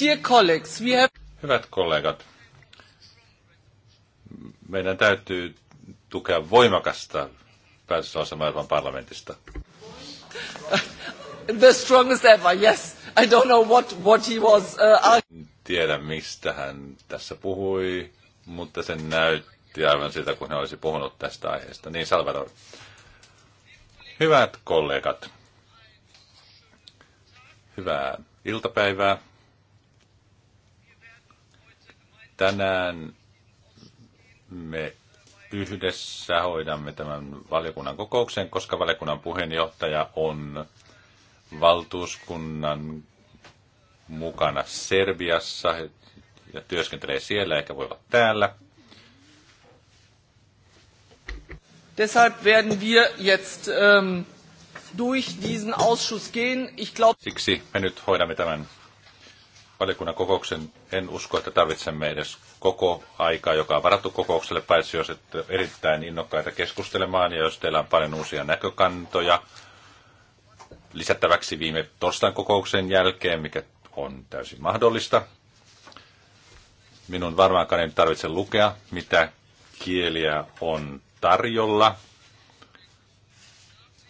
Dear colleagues, we have... Hyvät kollegat, meidän täytyy tukea voimakasta päätöslauselmaa maailman parlamentista. The strongest ever, yes. I don't know what, what he was... Uh, tiedä, mistä hän tässä puhui, mutta sen näytti aivan siltä, kun hän olisi puhunut tästä aiheesta. Niin, Salvador. Hyvät kollegat, hyvää iltapäivää. Tänään me yhdessä hoidamme tämän valiokunnan kokouksen, koska valiokunnan puheenjohtaja on valtuuskunnan mukana Serbiassa ja työskentelee siellä eikä voi olla täällä. Deshalb werden wir jetzt ähm, durch diesen Ausschuss gehen. Ich glaub... Siksi me nyt hoidamme tämän valiokunnan kokouksen en usko, että tarvitsemme edes koko aikaa, joka on varattu kokoukselle, paitsi jos et erittäin innokkaita keskustelemaan ja jos teillä on paljon uusia näkökantoja lisättäväksi viime torstain kokouksen jälkeen, mikä on täysin mahdollista. Minun varmaankaan ei tarvitse lukea, mitä kieliä on tarjolla.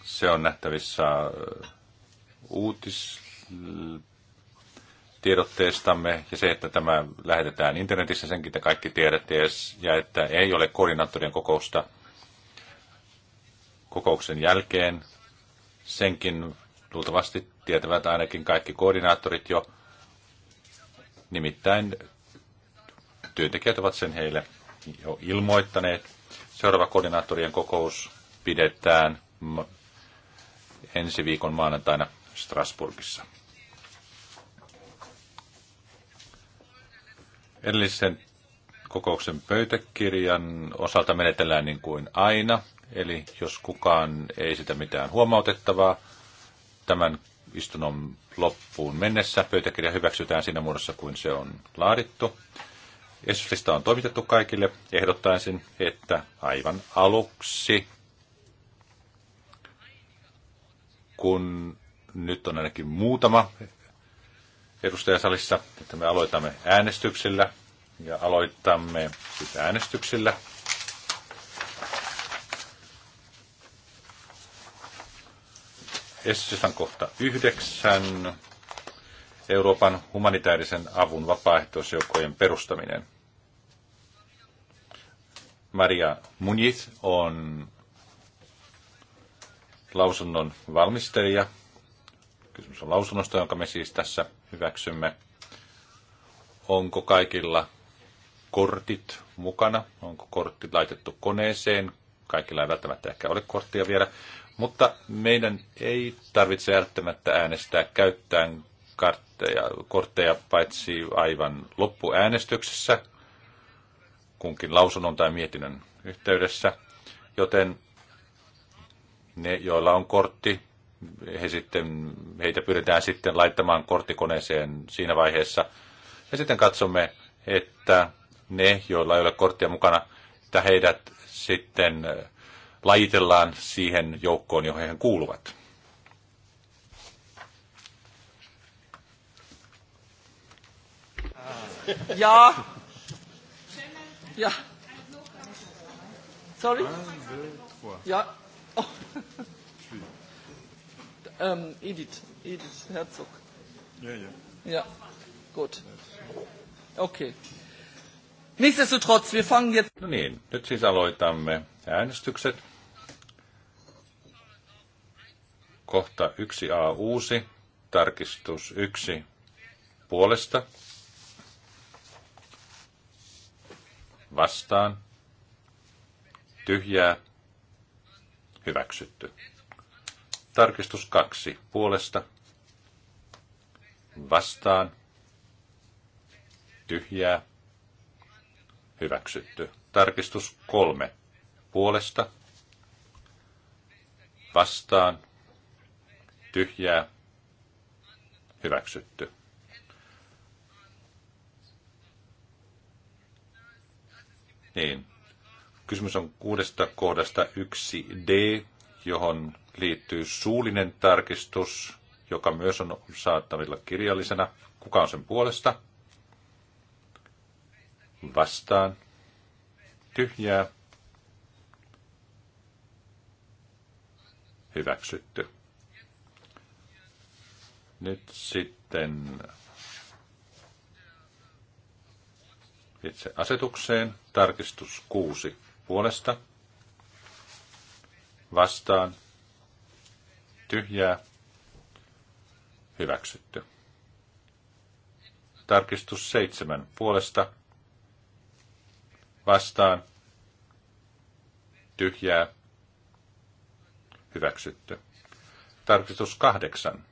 Se on nähtävissä äh, uutis tiedotteestamme ja se, että tämä lähetetään internetissä, senkin te kaikki tiedätte, ja että ei ole koordinaattorien kokousta kokouksen jälkeen. Senkin luultavasti tietävät ainakin kaikki koordinaattorit jo. Nimittäin työntekijät ovat sen heille jo ilmoittaneet. Seuraava koordinaattorien kokous pidetään ensi viikon maanantaina Strasburgissa. Edellisen kokouksen pöytäkirjan osalta menetellään niin kuin aina, eli jos kukaan ei sitä mitään huomautettavaa tämän istunnon loppuun mennessä, pöytäkirja hyväksytään siinä muodossa kuin se on laadittu. Esityslista on toimitettu kaikille. Ehdottaisin, että aivan aluksi, kun nyt on ainakin muutama edustajasalissa, että me aloitamme äänestyksillä ja aloitamme sitä äänestyksillä. on kohta yhdeksän. Euroopan humanitaarisen avun vapaaehtoisjoukkojen perustaminen. Maria Muniz on lausunnon valmistelija. Kysymys on lausunnosta, jonka me siis tässä hyväksymme. Onko kaikilla kortit mukana? Onko kortit laitettu koneeseen? Kaikilla ei välttämättä ehkä ole korttia vielä. Mutta meidän ei tarvitse välttämättä äänestää käyttäen kartteja, kortteja paitsi aivan loppuäänestyksessä, kunkin lausunnon tai mietinnön yhteydessä. Joten ne, joilla on kortti, he sitten, heitä pyritään sitten laittamaan korttikoneeseen siinä vaiheessa. Ja sitten katsomme, että ne, joilla ei ole korttia mukana, että heidät sitten äh, lajitellaan siihen joukkoon, johon he kuuluvat. Ja. Ja. Sorry. Ja. Oh. Ähm, Edith, Edith Herzog. Ja, ja. Ja, gut. Okay. Nichtsdestotrotz, wir fangen jetzt... No niin, nyt siis aloitamme äänestykset. Kohta 1a uusi, tarkistus 1 puolesta. Vastaan. Tyhjää. Hyväksytty. Tarkistus kaksi puolesta. Vastaan. Tyhjää. Hyväksytty. Tarkistus kolme puolesta. Vastaan. Tyhjää. Hyväksytty. Niin. Kysymys on kuudesta kohdasta 1D johon liittyy suullinen tarkistus, joka myös on saattavilla kirjallisena. Kuka on sen puolesta? Vastaan. Tyhjää. Hyväksytty. Nyt sitten itse asetukseen. Tarkistus 6 puolesta vastaan, tyhjää, hyväksytty. Tarkistus seitsemän puolesta, vastaan, tyhjää, hyväksytty. Tarkistus kahdeksan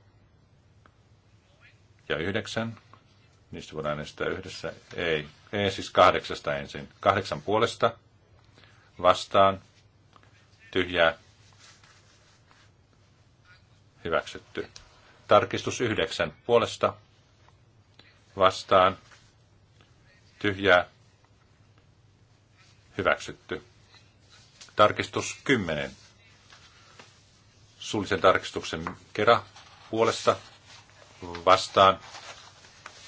ja yhdeksän, niistä voidaan äänestää yhdessä, ei, ei siis kahdeksasta ensin, kahdeksan puolesta, vastaan, tyhjää, hyväksytty. Tarkistus yhdeksän puolesta vastaan tyhjää hyväksytty. Tarkistus kymmenen suullisen tarkistuksen kera puolesta vastaan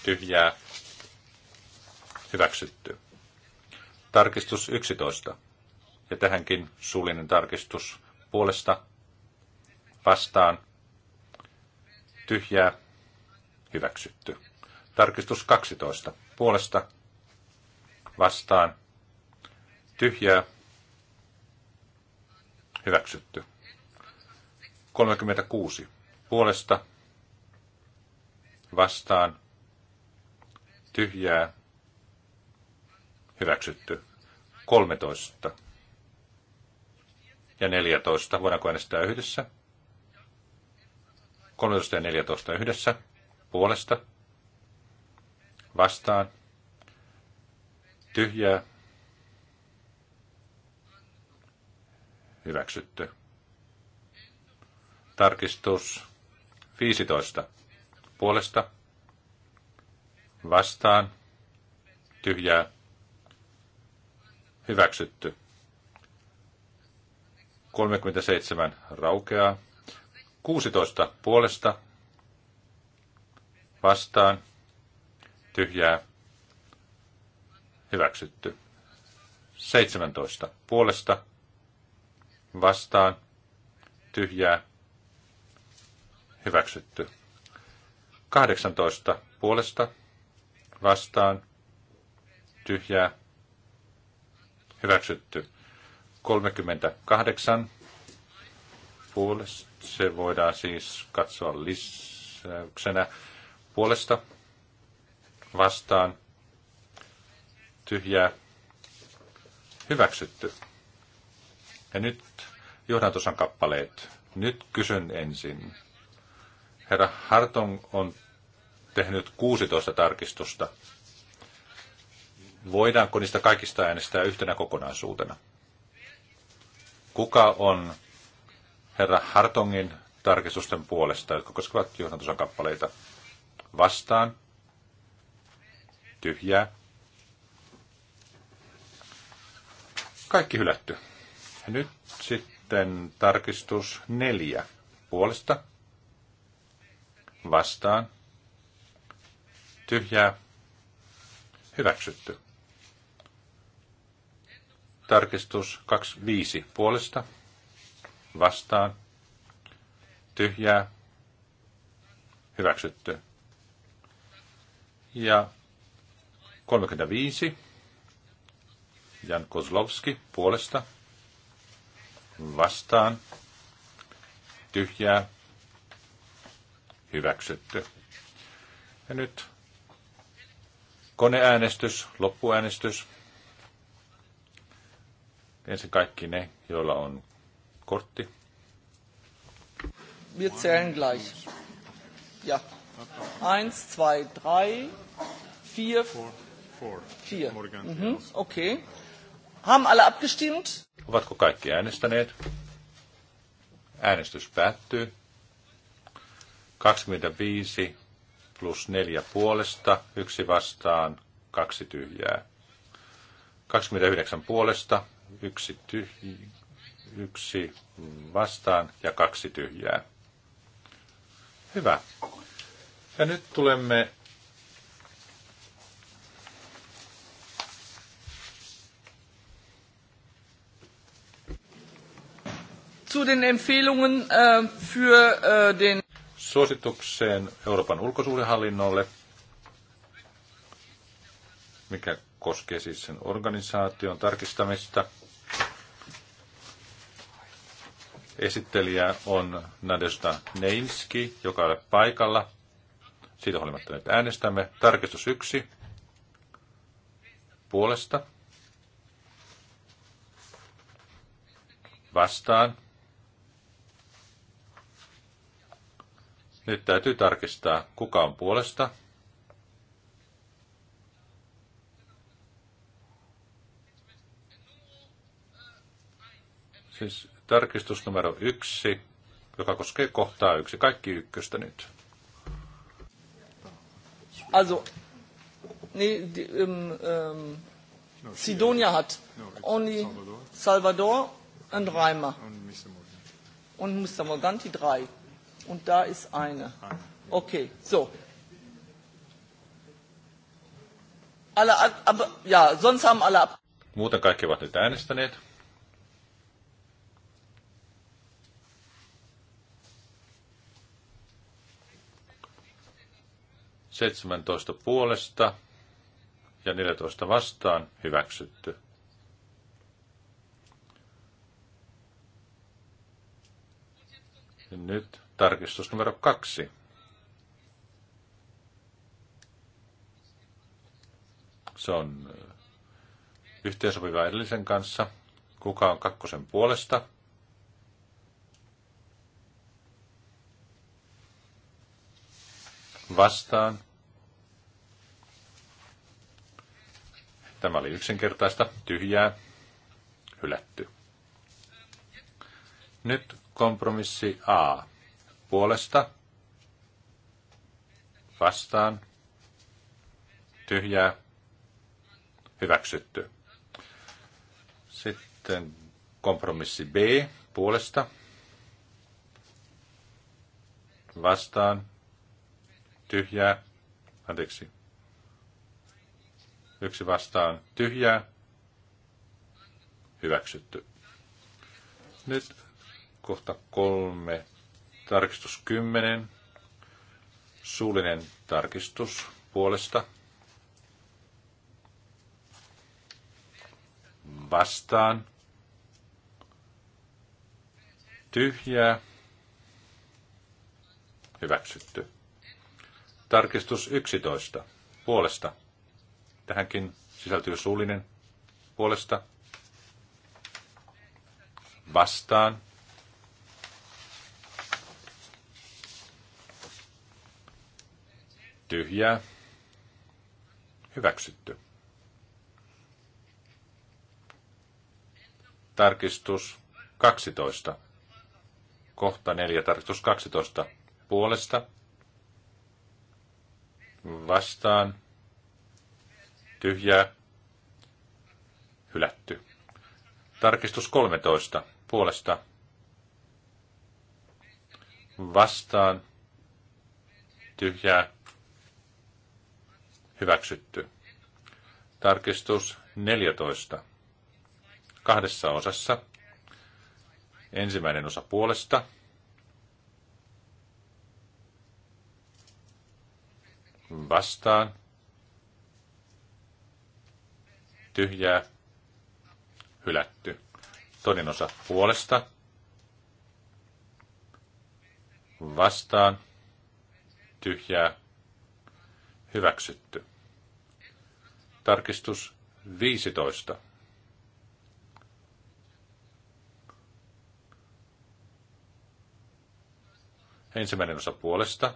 tyhjää hyväksytty. Tarkistus 11. Ja tähänkin suullinen tarkistus puolesta vastaan tyhjää, hyväksytty. Tarkistus 12, puolesta, vastaan, tyhjää, hyväksytty. 36, puolesta, vastaan, tyhjää, hyväksytty. 13 ja 14, voidaanko äänestää yhdessä? 13 ja 14 yhdessä puolesta vastaan tyhjää hyväksytty. Tarkistus 15 puolesta vastaan tyhjää hyväksytty. 37 raukeaa. 16 puolesta vastaan tyhjää hyväksytty. 17 puolesta vastaan tyhjää hyväksytty. 18 puolesta vastaan tyhjää hyväksytty. 38 puolesta se voidaan siis katsoa lisäyksenä puolesta vastaan tyhjää hyväksytty. Ja nyt johdantosan kappaleet. Nyt kysyn ensin. Herra Hartong on tehnyt 16 tarkistusta. Voidaanko niistä kaikista äänestää yhtenä kokonaisuutena? Kuka on herra Hartongin tarkistusten puolesta, jotka koskevat johdantosan kappaleita. Vastaan. Tyhjää. Kaikki hylätty. Nyt sitten tarkistus neljä puolesta. Vastaan. Tyhjää. Hyväksytty. Tarkistus 25 puolesta vastaan, tyhjää, hyväksytty. Ja 35, Jan Kozlovski puolesta, vastaan, tyhjää, hyväksytty. Ja nyt koneäänestys, loppuäänestys. Ensin kaikki ne, joilla on kortti. Wir zählen gleich. Ja. Eins, zwei, drei, vier. Vier. Mhm, okay. Haben alle abgestimmt? Ovatko kaikki äänestäneet? Äänestys päättyy. 25 plus 4 puolesta, yksi vastaan, kaksi tyhjää. 29 puolesta, yksi tyhjää yksi vastaan ja kaksi tyhjää. Hyvä. Ja nyt tulemme zu den Empfehlungen äh, für äh, den suositukseen Euroopan ulkosuhdehallinnolle, mikä koskee siis sen organisaation tarkistamista – Esittelijä on Nadesta Neinski, joka on paikalla. Siitä huolimatta nyt äänestämme. Tarkistus yksi puolesta. Vastaan. Nyt täytyy tarkistaa, kuka on puolesta. Siis Tarkistus numero yksi, joka koskee kohtaa yksi. Kaikki ykköstä nyt. Also, nee, die, um, ähm, Sidonia hat no, only Salvador Salvador and Reimer. Und Mr. Morganti drei. Und da ist eine. Okay, so. Alle, ab, ja, sonst haben alle ab. Muuten kaikki ovat nyt äänestäneet. 17 puolesta ja 14 vastaan hyväksytty. nyt tarkistus numero kaksi. Se on äh, yhteensopiva edellisen kanssa. Kuka on kakkosen puolesta? Vastaan Tämä oli yksinkertaista, tyhjää, hylätty. Nyt kompromissi A. Puolesta, vastaan, tyhjää, hyväksytty. Sitten kompromissi B puolesta, vastaan, tyhjää, anteeksi, yksi vastaan tyhjää, hyväksytty. Nyt kohta kolme, tarkistus kymmenen, suullinen tarkistus puolesta. Vastaan. Tyhjää. Hyväksytty. Tarkistus 11. Puolesta. Tähänkin sisältyy suullinen puolesta vastaan. Tyhjää. Hyväksytty. Tarkistus 12. Kohta 4. Tarkistus 12. Puolesta. Vastaan tyhjää, hylätty. Tarkistus 13 puolesta vastaan tyhjää hyväksytty. Tarkistus 14. Kahdessa osassa. Ensimmäinen osa puolesta. Vastaan. tyhjää, hylätty. Toinen osa puolesta, vastaan, tyhjää, hyväksytty. Tarkistus 15. Ensimmäinen osa puolesta,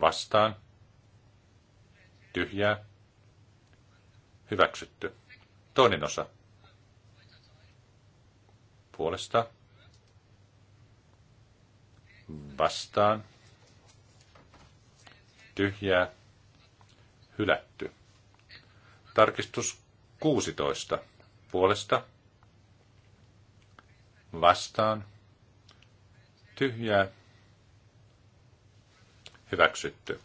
vastaan, Tyhjää. Hyväksytty. Toinen osa. Puolesta. Vastaan. Tyhjää. Hylätty. Tarkistus 16. Puolesta. Vastaan. Tyhjää. Hyväksytty.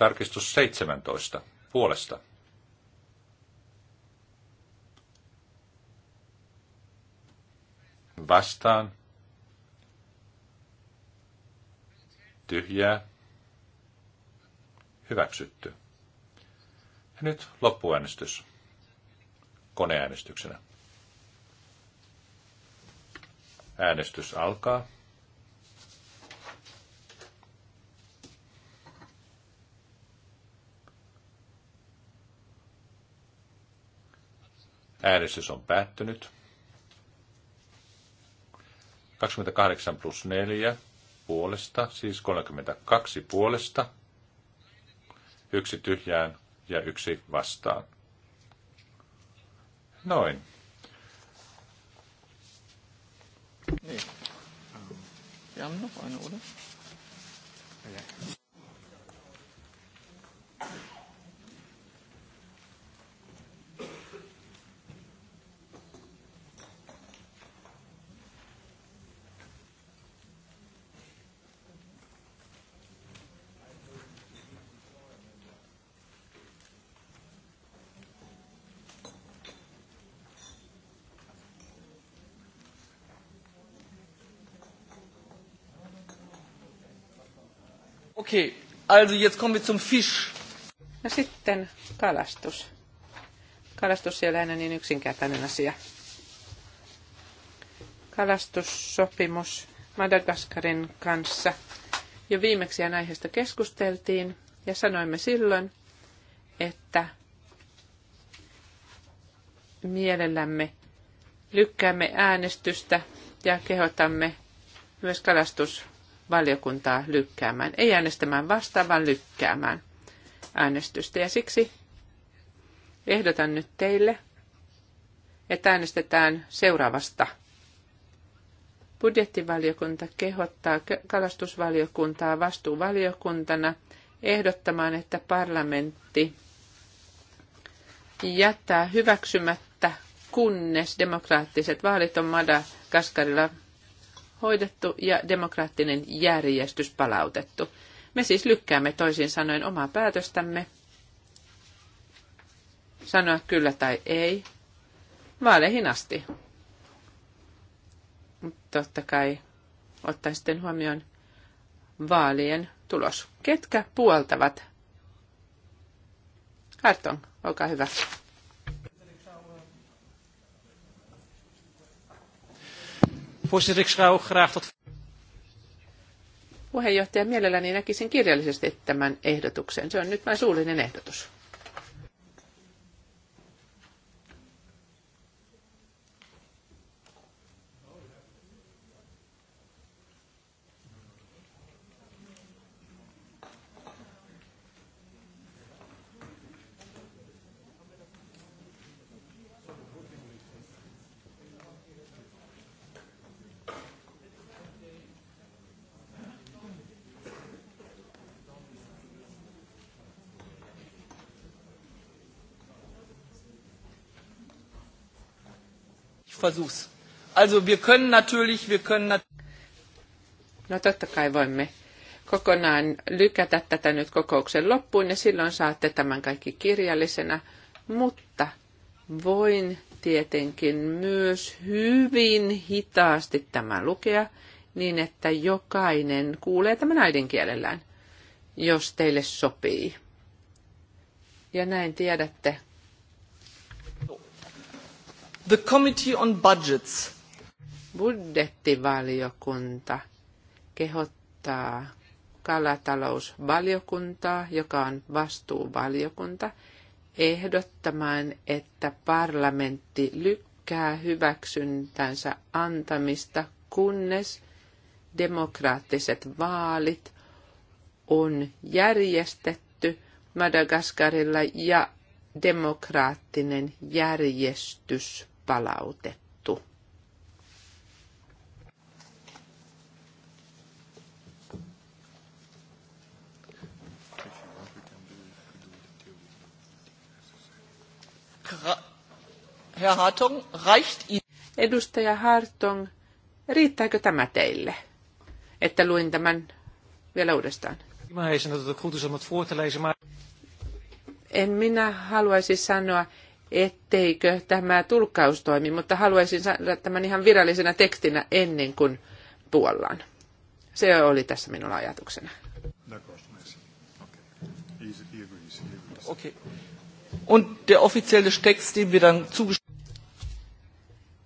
Tarkistus 17 puolesta. Vastaan. Tyhjää. Hyväksytty. Ja nyt loppuäänestys koneäänestyksenä. Äänestys alkaa. Äänestys on päättynyt. 28 plus 4 puolesta, siis 32 puolesta, yksi tyhjään ja yksi vastaan. Noin. Niin. Wir haben noch Okay, also jetzt kommen wir zum Fisch. No sitten kalastus. Kalastus ole aina niin yksinkertainen asia. Kalastussopimus Madagaskarin kanssa. Jo viimeksi aiheesta keskusteltiin ja sanoimme silloin, että mielellämme lykkäämme äänestystä ja kehotamme myös kalastus valiokuntaa lykkäämään, ei äänestämään vastaan, vaan lykkäämään äänestystä. Ja siksi ehdotan nyt teille, että äänestetään seuraavasta. Budjettivaliokunta kehottaa kalastusvaliokuntaa vastuuvaliokuntana ehdottamaan, että parlamentti jättää hyväksymättä, kunnes demokraattiset vaalit on Madagaskarilla hoidettu ja demokraattinen järjestys palautettu. Me siis lykkäämme toisin sanoen omaa päätöstämme sanoa kyllä tai ei vaaleihin asti. Mutta Totta kai ottaen sitten huomioon vaalien tulos. Ketkä puoltavat? Hartong, olkaa hyvä. Voorzitter, ik zou graag dat... Puheenjohtaja, mielelläni näkisin kirjallisesti tämän ehdotuksen. Se on nyt vain suullinen ehdotus. Versuchs. Also wir können natürlich, wir können No totta kai voimme kokonaan lykätä tätä nyt kokouksen loppuun ja silloin saatte tämän kaikki kirjallisena, mutta voin tietenkin myös hyvin hitaasti tämän lukea niin, että jokainen kuulee tämän äidinkielellään, jos teille sopii. Ja näin tiedätte, The Committee on Budgets. Budjettivaliokunta kehottaa kalatalousvaliokuntaa, joka on vastuuvaliokunta, ehdottamaan, että parlamentti lykkää hyväksyntänsä antamista, kunnes demokraattiset vaalit on järjestetty Madagaskarilla ja demokraattinen järjestys palautettu. Herr Hartung, reicht Edustaja Hartung, riittääkö tämä teille, että luin tämän vielä uudestaan? En minä haluaisi sanoa, etteikö tämä tulkkaus toimi, mutta haluaisin saada tämän ihan virallisena tekstinä ennen kuin puollaan. Se oli tässä minulla ajatuksena.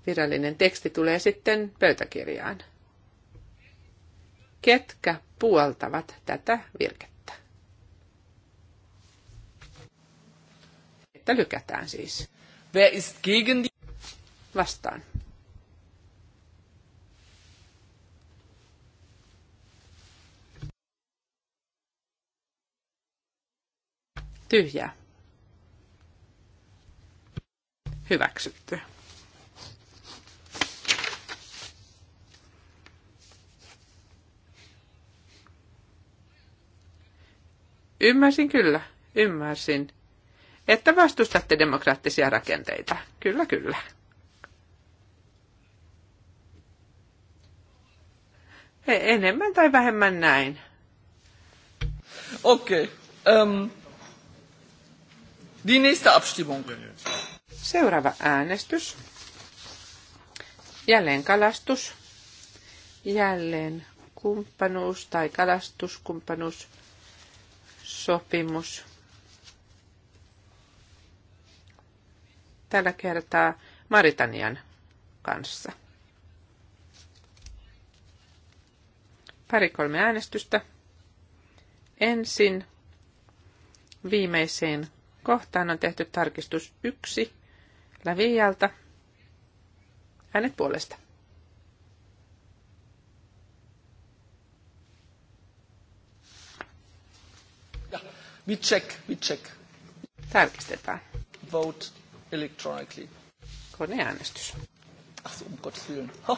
Virallinen teksti tulee sitten pöytäkirjaan. Ketkä puoltavat tätä virkettä? että lykätään siis. Wer ist gegen die... Vastaan. Tyhjää. Hyväksytty. Ymmärsin kyllä, ymmärsin että vastustatte demokraattisia rakenteita. Kyllä, kyllä. E- enemmän tai vähemmän näin. Okei. Okay. Um, ähm, nächste Abstimmung. Seuraava äänestys. Jälleen kalastus. Jälleen kumppanuus tai kalastuskumppanuus sopimus. tällä kertaa Maritanian kanssa. Pari-kolme äänestystä. Ensin viimeiseen kohtaan on tehty tarkistus yksi läviijältä. Äänet puolesta. We check, we check. Tarkistetaan. Vote electronically. Koneäänestys. Ach, um Gottes Willen. Ha.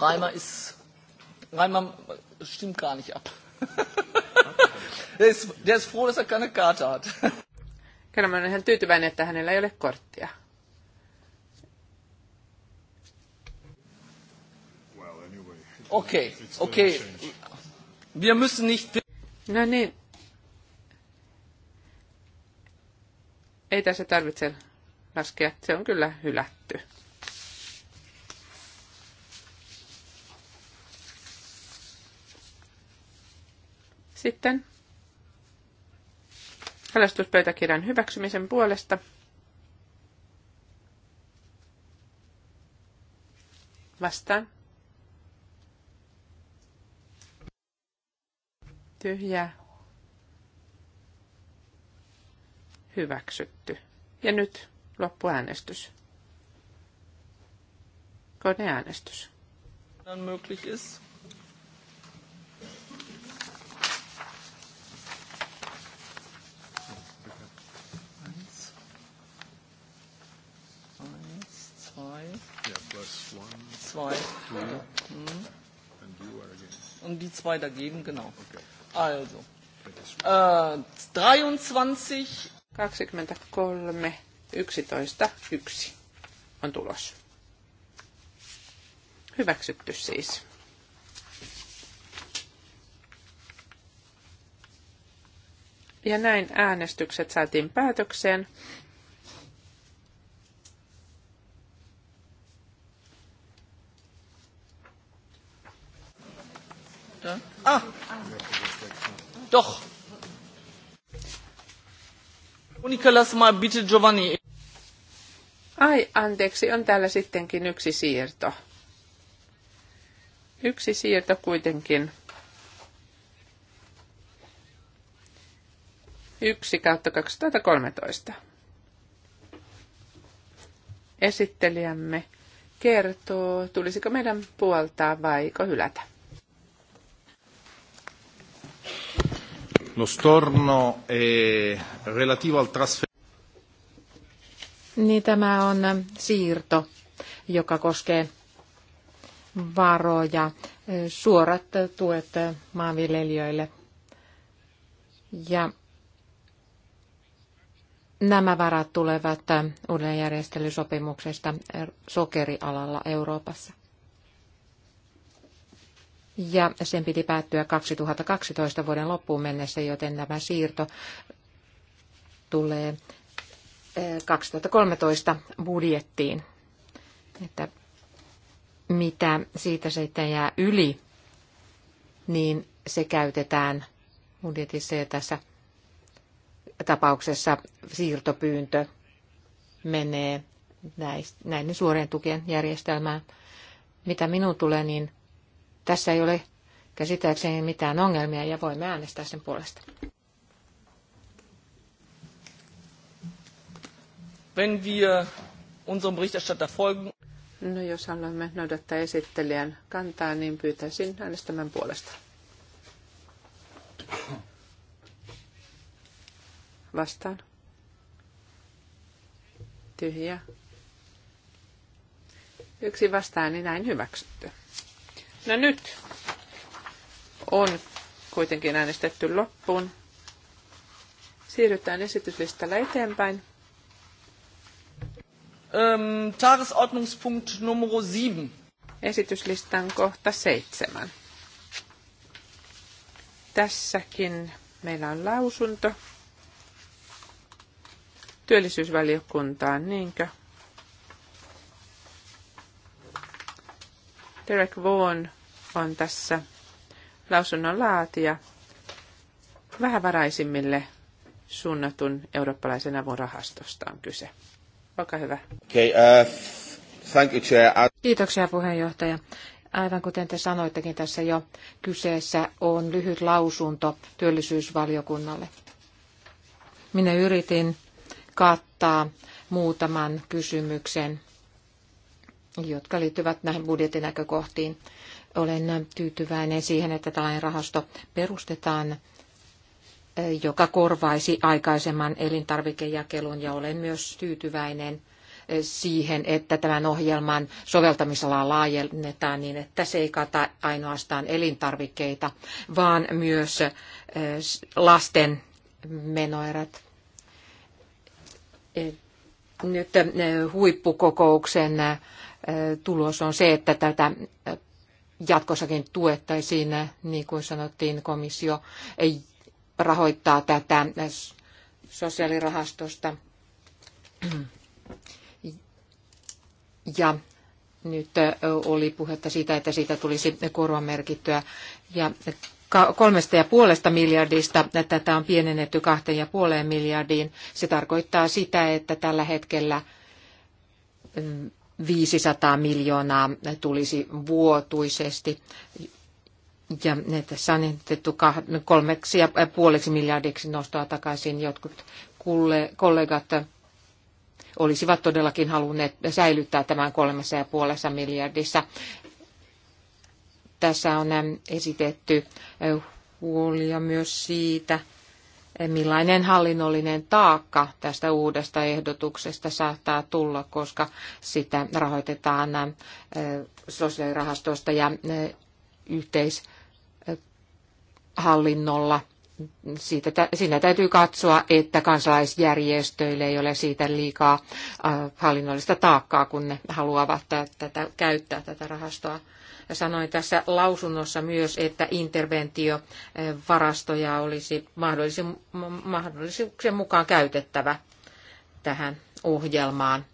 Reimer ist, Reimer stimmt gar nicht ab. der, ist, der ist froh, dass er keine Karte hat. Kerman on ihan tyytyväinen, että hänellä ei ole korttia. Okei, okay, okei. Okay. Wir müssen nicht... No niin. Ei tässä tarvitse laskea. Se on kyllä hylätty. Sitten kalastuspöytäkirjan hyväksymisen puolesta. Vastaan. tyhjä, Hyväksytty. Ja nyt loppuäänestys. Koneäänestys. Dann möglich ist. Zwei. Und die zwei dagegen, genau. Okay. Also, äh, 23. 23, 11, 1 on tulos. Hyväksytty siis. Ja näin äänestykset saatiin päätökseen. Ah, doch. Monika, oh, lass mal bitte Giovanni. Ai, anteeksi, on täällä sittenkin yksi siirto. Yksi siirto kuitenkin. Yksi kautta 2013. Esittelijämme kertoo, tulisiko meidän puoltaa vai hylätä. Lo storno è relativo al trasferimento. Niin tämä on siirto, joka koskee varoja, suorat tuet maanviljelijöille. Ja nämä varat tulevat uudelleenjärjestelysopimuksesta sokerialalla Euroopassa ja sen piti päättyä 2012 vuoden loppuun mennessä, joten tämä siirto tulee 2013 eh, budjettiin, että mitä siitä sitten jää yli, niin se käytetään budjetissa ja tässä tapauksessa siirtopyyntö menee näin, näin suorien tukien järjestelmään. Mitä minun tulee, niin tässä ei ole käsittääkseni mitään ongelmia ja voimme äänestää sen puolesta. Wenn wir unserem Berichterstatter folgen. No, jos haluamme noudattaa esittelijän kantaa, niin pyytäisin äänestämään puolesta. Vastaan. Tyhjä. Yksi vastaan, niin näin hyväksytty. No nyt on kuitenkin äänestetty loppuun. Siirrytään esityslistalla eteenpäin. Ähm, Tagesordnungspunkt numero 7. Esityslistan kohta seitsemän. Tässäkin meillä on lausunto työllisyysvaliokuntaan, niinkö? Derek Vaughan on tässä lausunnon laatija vähävaraisimmille suunnatun eurooppalaisen avun rahastosta on kyse. Olkaa hyvä. Okay, uh, thank you, chair. Kiitoksia puheenjohtaja. Aivan kuten te sanoittekin tässä jo, kyseessä on lyhyt lausunto työllisyysvaliokunnalle. Minä yritin kattaa muutaman kysymyksen jotka liittyvät näihin budjettinäkökohtiin. Olen tyytyväinen siihen, että tällainen rahasto perustetaan, eh, joka korvaisi aikaisemman elintarvikejakelun ja olen myös tyytyväinen eh, siihen, että tämän ohjelman soveltamisalaa laajennetaan niin, että se ei kata ainoastaan elintarvikkeita, vaan myös eh, lasten menoerät. Nyt huippukokouksen tulos on se, että tätä jatkossakin tuettaisiin, niin kuin sanottiin, komissio ei rahoittaa tätä sosiaalirahastosta. Ja nyt oli puhetta siitä, että siitä tulisi korvamerkittyä. Ja kolmesta ja puolesta miljardista tätä on pienennetty kahteen ja puoleen miljardiin. Se tarkoittaa sitä, että tällä hetkellä mm, 500 miljoonaa tulisi vuotuisesti. Ja tässä on ehdotettu kolmeksi ja puoleksi miljardiksi nostoa takaisin. Jotkut kollegat olisivat todellakin halunneet säilyttää tämän kolmessa ja puolessa miljardissa. Tässä on esitetty huolia myös siitä, millainen hallinnollinen taakka tästä uudesta ehdotuksesta saattaa tulla, koska sitä rahoitetaan sosiaalirahastosta ja yhteishallinnolla. Siitä, siinä täytyy katsoa, että kansalaisjärjestöille ei ole siitä liikaa hallinnollista taakkaa, kun ne haluavat tätä, käyttää tätä rahastoa. Sanoin tässä lausunnossa myös, että interventiovarastoja olisi mahdollisuuksien mukaan käytettävä tähän ohjelmaan.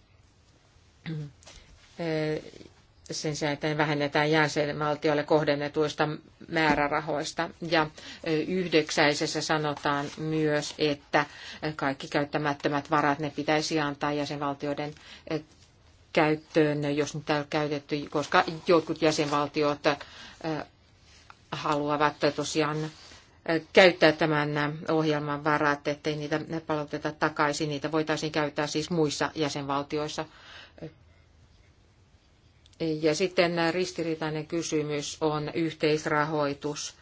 Sen sijaan, että vähennetään jäsenvaltioille kohdennetuista määrärahoista. Ja yhdeksäisessä sanotaan myös, että kaikki käyttämättömät varat ne pitäisi antaa jäsenvaltioiden käyttöön, jos niitä on käytetty, koska jotkut jäsenvaltiot haluavat tosiaan käyttää tämän ohjelman varat, ettei niitä palauteta takaisin. Niitä voitaisiin käyttää siis muissa jäsenvaltioissa. Ja sitten ristiriitainen kysymys on yhteisrahoitus.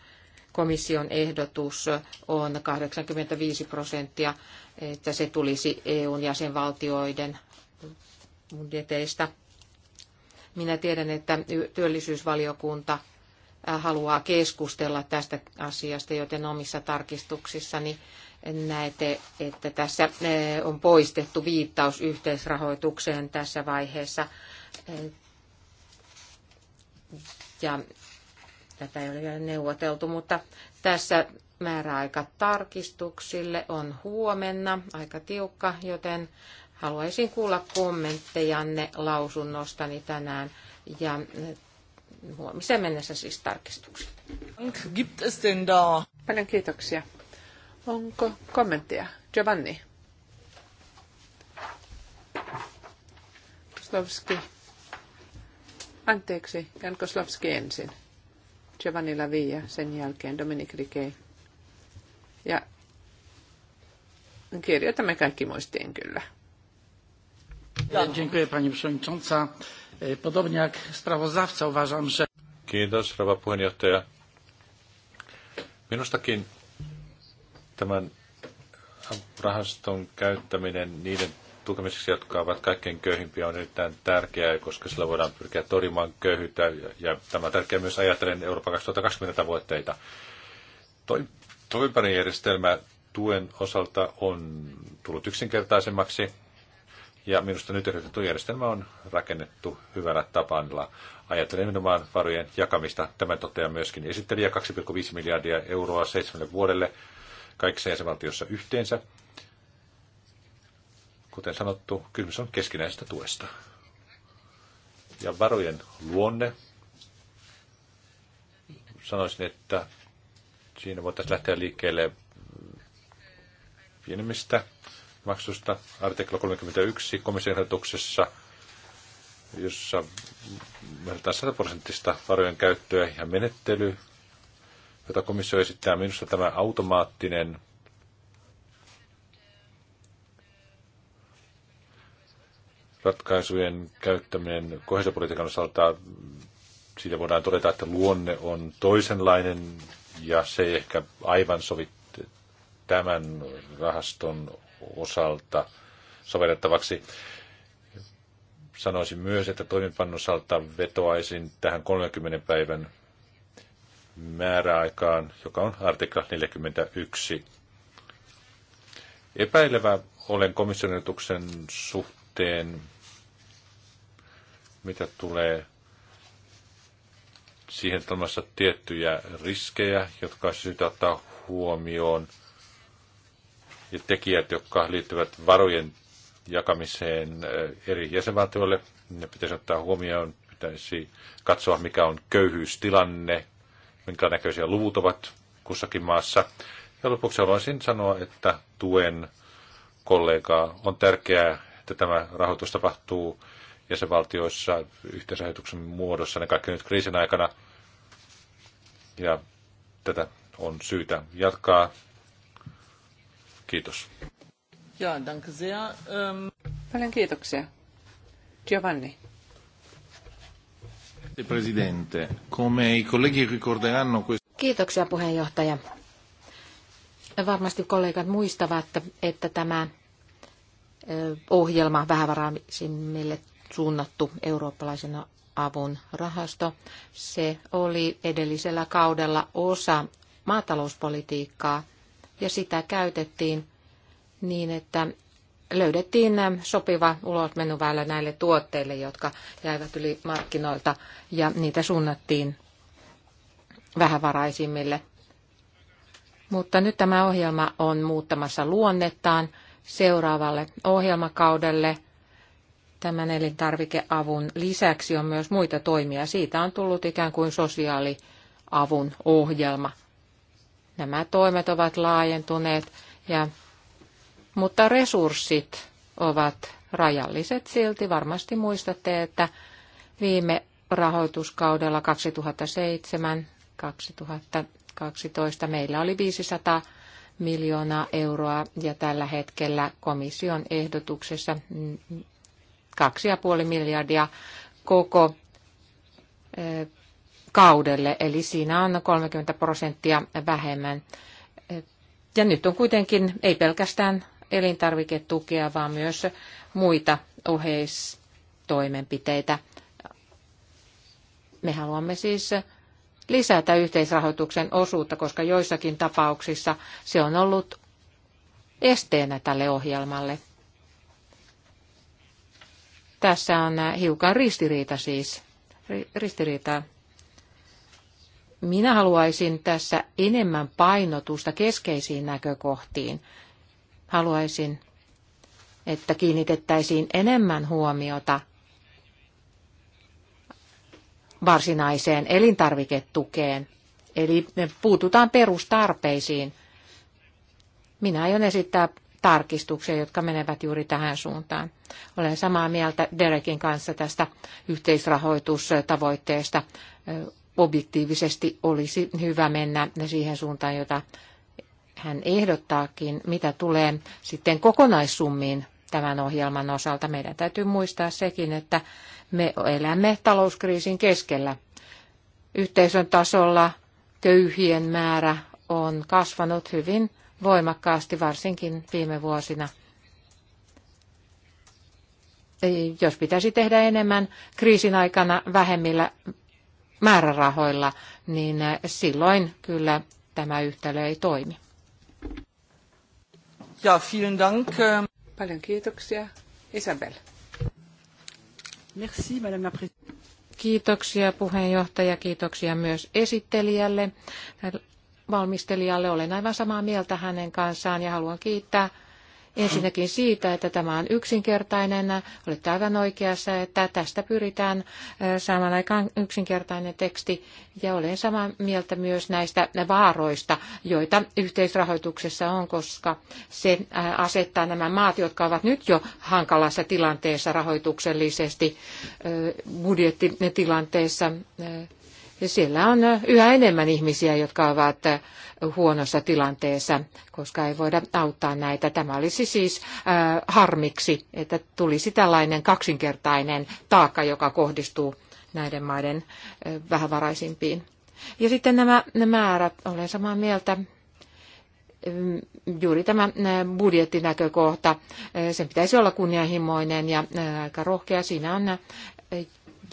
Komission ehdotus on 85 prosenttia, että se tulisi EUn jäsenvaltioiden budjeteista. Minä tiedän, että työllisyysvaliokunta äh, haluaa keskustella tästä asiasta, joten omissa tarkistuksissani näette, että tässä äh, on poistettu viittaus yhteisrahoitukseen tässä vaiheessa. Äh, ja tätä ei ole vielä neuvoteltu, mutta tässä määräaika tarkistuksille on huomenna, aika tiukka, joten Haluaisin kuulla kommenttejanne lausunnostani tänään ja huomiseen mennessä siis tarkistukset. Gibt es denn da? Paljon kiitoksia. Onko kommentteja? Giovanni. Koslovski. Anteeksi, Jan Koslovski ensin. Giovanni Lavia, sen jälkeen Dominik Rikei. Ja kirjoitamme kaikki muistiin kyllä. Dziękuję pani przewodnicząca. E, podobnie jak sprawozdawca uważam, że... Kiitos, rouva puheenjohtaja. Minustakin tämän rahaston käyttäminen niiden tukemiseksi, jotka ovat kaikkein köyhimpiä, on erittäin tärkeää, koska sillä voidaan pyrkiä torjumaan köyhyyttä. Ja tämä on tärkeää myös ajatellen Euroopan 2020 tavoitteita. Toimiparin järjestelmä tuen osalta on tullut yksinkertaisemmaksi. Ja minusta nyt ehdotettu järjestelmä on rakennettu hyvällä tapaanilla. Ajattelen nimenomaan varojen jakamista. Tämän toteaa myöskin esittelijä 2,5 miljardia euroa seitsemälle vuodelle kaikissa jäsenvaltiossa yhteensä. Kuten sanottu, kysymys on keskinäisestä tuesta. Ja varojen luonne, sanoisin, että siinä voitaisiin lähteä liikkeelle pienemmistä maksusta, artikla 31 komission ehdotuksessa, jossa määrätään 100 prosenttista varojen käyttöä ja menettely, jota komissio esittää minusta tämä automaattinen ratkaisujen käyttäminen kohesiopolitiikan osalta, siitä voidaan todeta, että luonne on toisenlainen ja se ei ehkä aivan sovi tämän rahaston osalta sovellettavaksi. Sanoisin myös, että toimipannon osalta vetoaisin tähän 30 päivän määräaikaan, joka on artikla 41. Epäilevä olen komissionituksen suhteen, mitä tulee siihen olemassa tiettyjä riskejä, jotka olisi syytä ottaa huomioon – ja tekijät, jotka liittyvät varojen jakamiseen eh, eri jäsenvaltioille. Ne pitäisi ottaa huomioon, pitäisi katsoa, mikä on köyhyystilanne, minkä näköisiä luvut ovat kussakin maassa. Ja lopuksi haluaisin sanoa, että tuen kollegaa. On tärkeää, että tämä rahoitus tapahtuu jäsenvaltioissa yhteisrahoituksen muodossa, ne kaikki nyt kriisin aikana. Ja tätä on syytä jatkaa. Kiitos. Ja, danke sehr. Ähm... Paljon kiitoksia. Giovanni. Presidente, come i colleghi ricorderanno questo... Kiitoksia puheenjohtaja. Varmasti kollegat muistavat, että tämä ohjelma vähävaraisimmille suunnattu eurooppalaisena avun rahasto. Se oli edellisellä kaudella osa maatalouspolitiikkaa ja sitä käytettiin niin, että löydettiin sopiva ulosmenuväylä näille tuotteille, jotka jäivät yli markkinoilta ja niitä suunnattiin vähävaraisimmille. Mutta nyt tämä ohjelma on muuttamassa luonnettaan seuraavalle ohjelmakaudelle. Tämän elintarvikeavun lisäksi on myös muita toimia. Siitä on tullut ikään kuin sosiaaliavun ohjelma. Nämä toimet ovat laajentuneet, ja, mutta resurssit ovat rajalliset silti. Varmasti muistatte, että viime rahoituskaudella 2007-2012 meillä oli 500 miljoonaa euroa ja tällä hetkellä komission ehdotuksessa 2,5 miljardia koko eh, kaudelle, eli siinä on 30 prosenttia vähemmän. Ja nyt on kuitenkin ei pelkästään elintarviketukea, vaan myös muita oheistoimenpiteitä. Me haluamme siis lisätä yhteisrahoituksen osuutta, koska joissakin tapauksissa se on ollut esteenä tälle ohjelmalle. Tässä on hiukan ristiriita siis, ristiriitaa minä haluaisin tässä enemmän painotusta keskeisiin näkökohtiin. Haluaisin, että kiinnitettäisiin enemmän huomiota varsinaiseen elintarviketukeen, eli puututaan perustarpeisiin. Minä aion esittää tarkistuksia, jotka menevät juuri tähän suuntaan. Olen samaa mieltä Derekin kanssa tästä yhteisrahoitustavoitteesta objektiivisesti olisi hyvä mennä siihen suuntaan, jota hän ehdottaakin, mitä tulee sitten kokonaissummiin tämän ohjelman osalta. Meidän täytyy muistaa sekin, että me elämme talouskriisin keskellä. Yhteisön tasolla köyhien määrä on kasvanut hyvin voimakkaasti, varsinkin viime vuosina. Jos pitäisi tehdä enemmän kriisin aikana vähemmillä määrärahoilla, niin äh, silloin kyllä tämä yhtälö ei toimi. Ja, vielen dank. Ähm. Paljon kiitoksia. Isabel. Merci, madame la Kiitoksia puheenjohtaja, kiitoksia myös esittelijälle, äh, valmistelijalle. Olen aivan samaa mieltä hänen kanssaan ja haluan kiittää Ensinnäkin siitä, että tämä on yksinkertainen, olette aivan oikeassa, että tästä pyritään saamaan aikaan yksinkertainen teksti. Ja olen samaa mieltä myös näistä vaaroista, joita yhteisrahoituksessa on, koska se asettaa nämä maat, jotka ovat nyt jo hankalassa tilanteessa rahoituksellisesti budjettitilanteessa siellä on yhä enemmän ihmisiä, jotka ovat huonossa tilanteessa, koska ei voida auttaa näitä. Tämä olisi siis harmiksi, että tulisi tällainen kaksinkertainen taakka, joka kohdistuu näiden maiden vähävaraisimpiin. Ja sitten nämä, nämä määrät, olen samaa mieltä, juuri tämä budjettinäkökohta, sen pitäisi olla kunnianhimoinen ja aika rohkea. Siinä on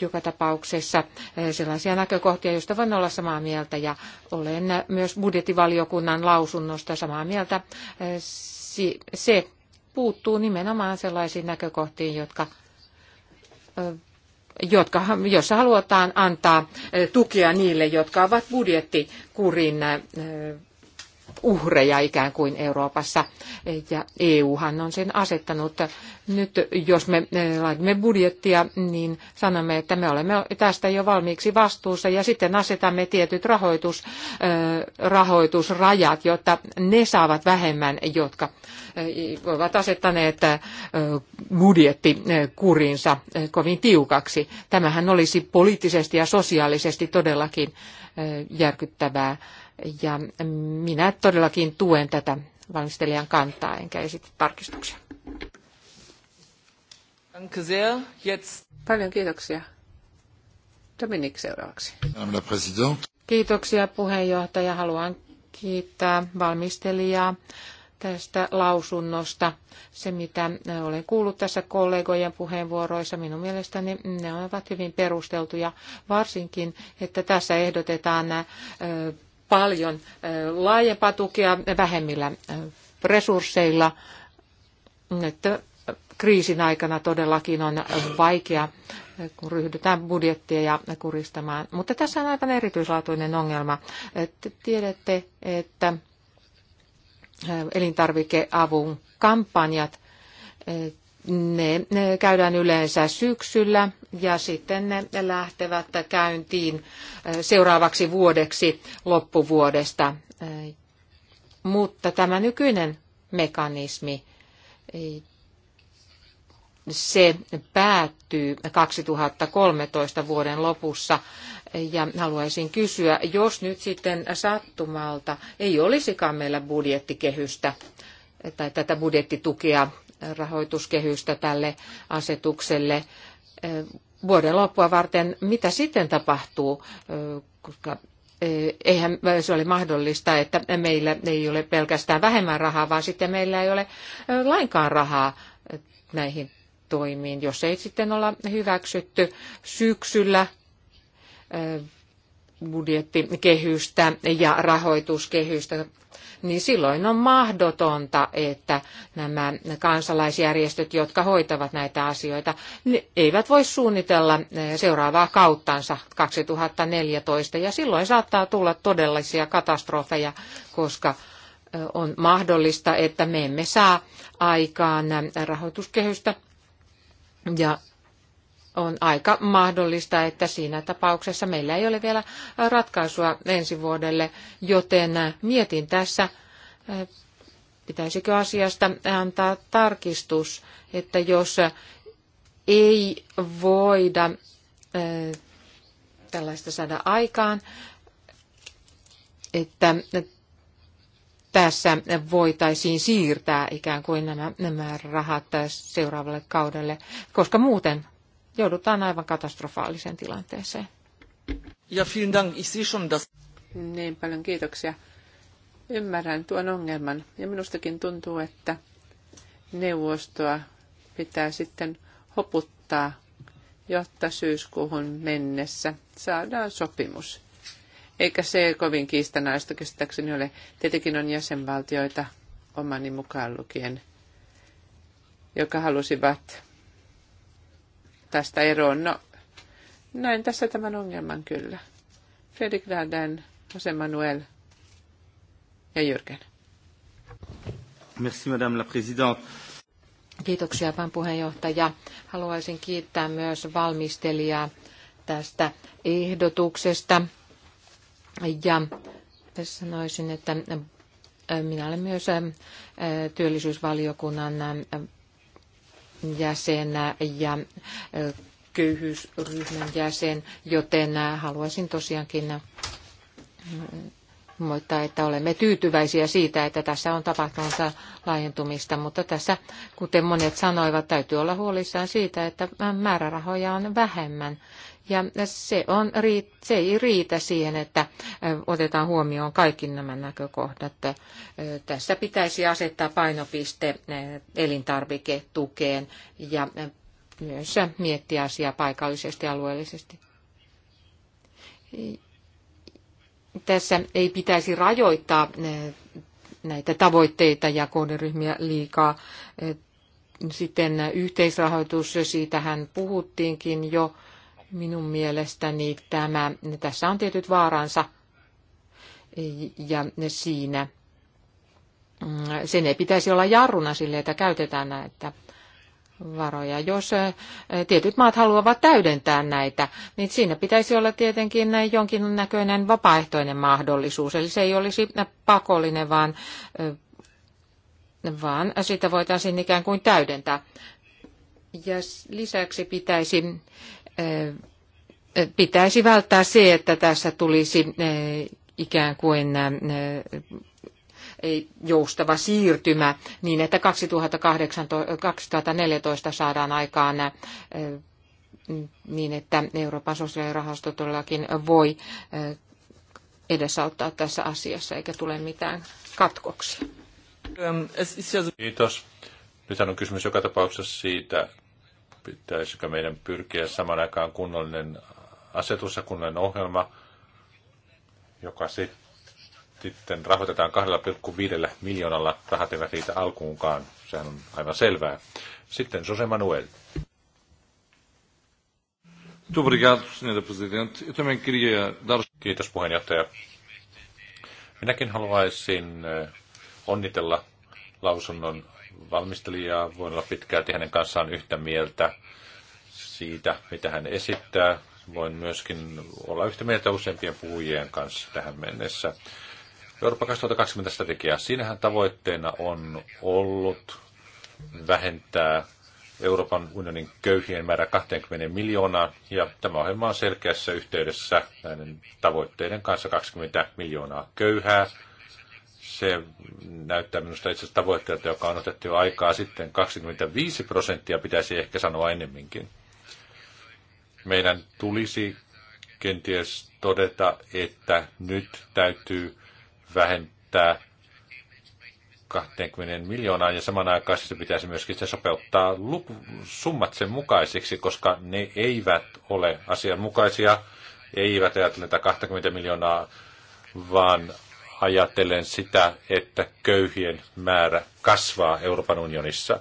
joka tapauksessa eh, sellaisia näkökohtia, joista voin olla samaa mieltä ja olen myös budjettivaliokunnan lausunnosta samaa mieltä. Eh, se puuttuu nimenomaan sellaisiin näkökohtiin, jotka, eh, jotka, jossa halutaan antaa tukea niille, jotka ovat budjettikurin uhreja ikään kuin Euroopassa. Ja EUhan on sen asettanut. Nyt jos me eh, laitamme budjettia, niin sanomme, että me olemme tästä jo valmiiksi vastuussa ja sitten asetamme tietyt rahoitus, eh, rahoitusrajat, jotta ne saavat vähemmän, jotka eh, ovat asettaneet budjettikurinsa kovin tiukaksi. Tämähän olisi poliittisesti ja sosiaalisesti todellakin järkyttävää ja minä todellakin tuen tätä valmistelijan kantaa, enkä esitä tarkistuksia. Paljon kiitoksia. Dominik seuraavaksi. Kiitoksia puheenjohtaja. Haluan kiittää valmistelijaa tästä lausunnosta. Se, mitä olen kuullut tässä kollegojen puheenvuoroissa, minun mielestäni ne ovat hyvin perusteltuja, varsinkin, että tässä ehdotetaan paljon laajempaa tukea vähemmillä resursseilla. Nyt kriisin aikana todellakin on vaikea, kun ryhdytään budjettia ja kuristamaan. Mutta tässä on aivan erityislaatuinen ongelma. Että tiedätte, että elintarvikeavun kampanjat ne käydään yleensä syksyllä ja sitten ne lähtevät käyntiin seuraavaksi vuodeksi loppuvuodesta. Mutta tämä nykyinen mekanismi, se päättyy 2013 vuoden lopussa ja haluaisin kysyä, jos nyt sitten sattumalta ei olisikaan meillä budjettikehystä tai tätä budjettitukea rahoituskehystä tälle asetukselle vuoden loppua varten. Mitä sitten tapahtuu, koska eh, eihän se ole mahdollista, että meillä ei ole pelkästään vähemmän rahaa, vaan sitten meillä ei ole eh, lainkaan rahaa eh, näihin toimiin, jos ei sitten olla hyväksytty syksyllä budjettikehystä ja rahoituskehystä, niin silloin on mahdotonta, että nämä kansalaisjärjestöt, jotka hoitavat näitä asioita, eivät voi suunnitella eh, seuraavaa kauttansa 2014. Ja silloin saattaa tulla todellisia katastrofeja, koska eh, on mahdollista, että me emme saa aikaan eh, rahoituskehystä ja on aika mahdollista, että siinä tapauksessa meillä ei ole vielä ratkaisua ensi vuodelle, joten mietin tässä, eh, pitäisikö asiasta antaa tarkistus, että jos ei voida eh, tällaista saada aikaan, että tässä voitaisiin siirtää ikään kuin nämä, nämä rahat seuraavalle kaudelle, koska muuten joudutaan aivan katastrofaaliseen tilanteeseen. Ja vielen Dank, ich sehe schon das. Niin paljon kiitoksia. Ymmärrän tuon ongelman ja minustakin tuntuu, että neuvostoa pitää sitten hoputtaa, jotta syyskuuhun mennessä saadaan sopimus. Eikä se kovin kiistanaista kestäkseni ole. Tietenkin on jäsenvaltioita omani mukaan lukien, jotka halusivat tästä eroon. No, näin tässä tämän ongelman kyllä. Fredrik Raden, Jose Manuel ja Jürgen. Merci, madame la présidente. Kiitoksia vain puheenjohtaja. Haluaisin kiittää myös valmistelijaa tästä ehdotuksesta. Ja sanoisin, että minä olen myös työllisyysvaliokunnan jäsen ja köyhyysryhmän jäsen, joten haluaisin tosiaankin mutta että olemme tyytyväisiä siitä, että tässä on tapahtunut laajentumista, mutta tässä, kuten monet sanoivat, täytyy olla huolissaan siitä, että määrärahoja on vähemmän. Ja se, on, se ei riitä siihen, että otetaan huomioon kaikki nämä näkökohdat. Tässä pitäisi asettaa painopiste elintarviketukeen ja myös miettiä asiaa paikallisesti ja alueellisesti tässä ei pitäisi rajoittaa eh, näitä tavoitteita ja kohderyhmiä liikaa. Eh, sitten yhteisrahoitus, siitähän puhuttiinkin jo minun mielestäni tämä, tässä on tietyt vaaransa eh, ja siinä mm, sen ei pitäisi olla jarruna sille, että käytetään näitä varoja. Jos tietyt maat haluavat täydentää näitä, niin siinä pitäisi olla tietenkin jonkinnäköinen näköinen vapaaehtoinen mahdollisuus. Eli se ei olisi pakollinen, vaan, vaan sitä voitaisiin ikään kuin täydentää. Ja lisäksi pitäisi, pitäisi välttää se, että tässä tulisi ikään kuin joustava siirtymä niin, että 2018, 2014 saadaan aikaan niin, että Euroopan sosiaalirahasto todellakin voi edesauttaa tässä asiassa eikä tule mitään katkoksia. Ähm, Kiitos. Nythän on kysymys joka tapauksessa siitä, pitäisikö meidän pyrkiä saman aikaan kunnollinen asetus ja kunnollinen ohjelma, joka sitten sitten rahoitetaan 2,5 miljoonalla. Rahat eivät riitä alkuunkaan. Sehän on aivan selvää. Sitten Jose Manuel. Kiitos puheenjohtaja. Minäkin haluaisin eh, onnitella lausunnon valmistelijaa. Voin olla pitkälti hänen kanssaan yhtä mieltä siitä, mitä hän esittää. Voin myöskin olla yhtä mieltä useimpien puhujien kanssa tähän mennessä. Eurooppa 2020 strategiaa. Siinähän tavoitteena on ollut vähentää Euroopan unionin köyhien määrä 20 miljoonaa, ja tämä ohjelma on selkeässä yhteydessä näiden tavoitteiden kanssa 20 miljoonaa köyhää. Se näyttää minusta itse asiassa tavoitteelta, joka on otettu jo aikaa sitten, 25 prosenttia pitäisi ehkä sanoa enemminkin. Meidän tulisi kenties todeta, että nyt täytyy vähentää 20 miljoonaan ja samanaikaisesti pitäisi myöskin se sopeuttaa luku, summat sen mukaisiksi, koska ne eivät ole asianmukaisia, eivät ajatellen tätä 20 miljoonaa, vaan ajatellen sitä, että köyhien määrä kasvaa Euroopan unionissa.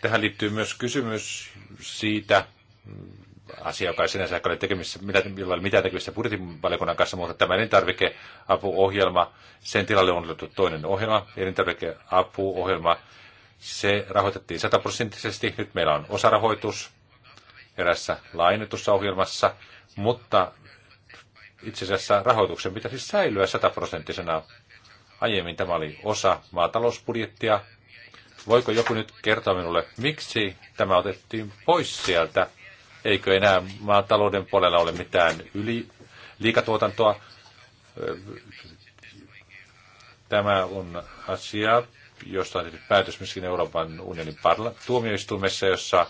Tähän liittyy myös kysymys siitä, asia, joka ei sinänsä ole tekemisissä, jolla ei mitään tekemistä budjetinvaliokunnan kanssa, mutta tämä elintarvikeapuohjelma, sen tilalle on otettu toinen ohjelma, elintarvikeapuohjelma, se rahoitettiin sataprosenttisesti, nyt meillä on osarahoitus erässä lainetussa ohjelmassa, mutta itse asiassa rahoituksen pitäisi säilyä sataprosenttisena. Aiemmin tämä oli osa maatalousbudjettia. Voiko joku nyt kertoa minulle, miksi tämä otettiin pois sieltä Eikö enää maatalouden puolella ole mitään yli, liikatuotantoa? Tämä on asia, josta on tehty päätös myöskin Euroopan unionin tuomioistuimessa, jossa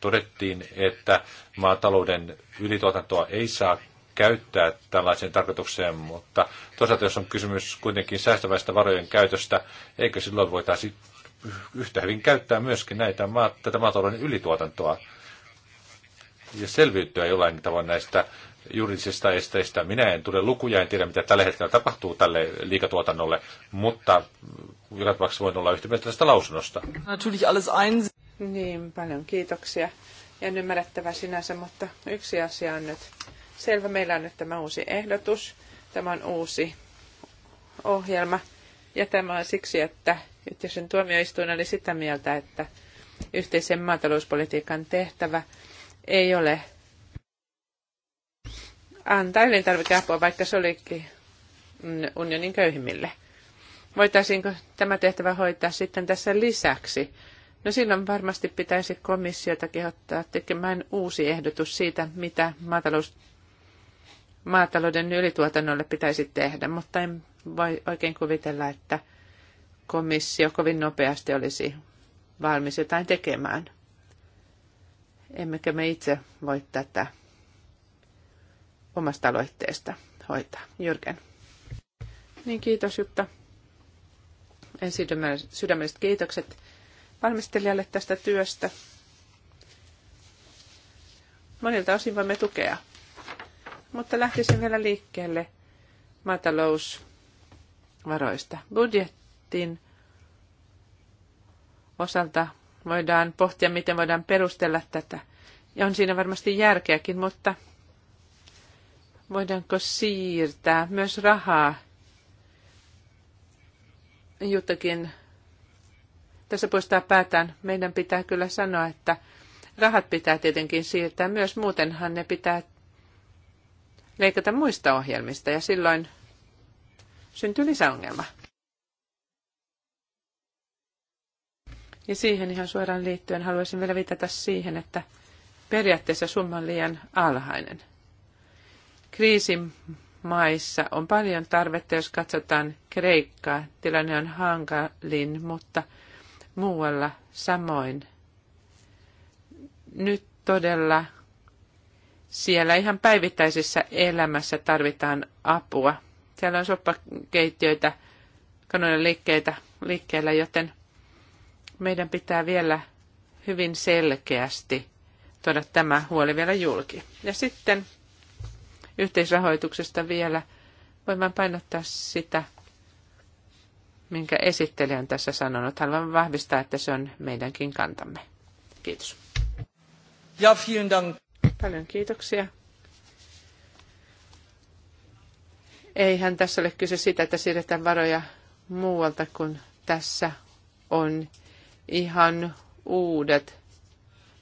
todettiin, että maatalouden ylituotantoa ei saa käyttää tällaiseen tarkoitukseen, mutta toisaalta jos on kysymys kuitenkin säästävästä varojen käytöstä, eikö silloin voitaisiin yhtä hyvin käyttää myöskin näitä, tätä maatalouden ylituotantoa? ja selviytyä jollain tavoin näistä juridisista esteistä. Minä en tule lukuja, en tiedä mitä tällä hetkellä tapahtuu tälle liikatuotannolle, mutta joka tapauksessa voin olla yhtä mieltä tästä lausunnosta. Niin, paljon kiitoksia. ja ymmärrettävä sinänsä, mutta yksi asia on nyt selvä. Meillä on nyt tämä uusi ehdotus, tämä on uusi ohjelma. Ja tämä on siksi, että yhteisön tuomioistuin oli sitä mieltä, että yhteisen maatalouspolitiikan tehtävä – ei ole antaa elintarvikeapua, vaikka se olikin unionin köyhimmille. Voitaisiinko tämä tehtävä hoitaa sitten tässä lisäksi? No silloin varmasti pitäisi komissiota kehottaa tekemään uusi ehdotus siitä, mitä maatalous, maatalouden ylituotannolle pitäisi tehdä, mutta en voi oikein kuvitella, että komissio kovin nopeasti olisi valmis jotain tekemään. Emmekä me itse voi tätä omasta aloitteesta hoitaa. Jyrken. Niin kiitos Jutta. Sydämelliset kiitokset valmistelijalle tästä työstä. Monilta osin voimme tukea. Mutta lähtisin vielä liikkeelle maatalousvaroista. Budjettin osalta voidaan pohtia, miten voidaan perustella tätä. Ja on siinä varmasti järkeäkin, mutta voidaanko siirtää myös rahaa jotakin. Tässä poistaa päätään. Meidän pitää kyllä sanoa, että rahat pitää tietenkin siirtää myös, muutenhan ne pitää leikata muista ohjelmista ja silloin syntyy lisäongelma. Ja siihen ihan suoraan liittyen haluaisin vielä viitata siihen, että periaatteessa summa on liian alhainen. Kriisin maissa on paljon tarvetta, jos katsotaan Kreikkaa. Tilanne on hankalin, mutta muualla samoin. Nyt todella siellä ihan päivittäisessä elämässä tarvitaan apua. Siellä on soppakeittiöitä, kanojen liikkeitä liikkeellä, joten – meidän pitää vielä hyvin selkeästi tuoda tämä huoli vielä julki. Ja sitten yhteisrahoituksesta vielä voimme painottaa sitä, minkä esittelijä on tässä sanonut. Haluan vahvistaa, että se on meidänkin kantamme. Kiitos. Ja vielen dank. Paljon kiitoksia. Eihän tässä ole kyse siitä, että siirretään varoja muualta kuin tässä on ihan uudet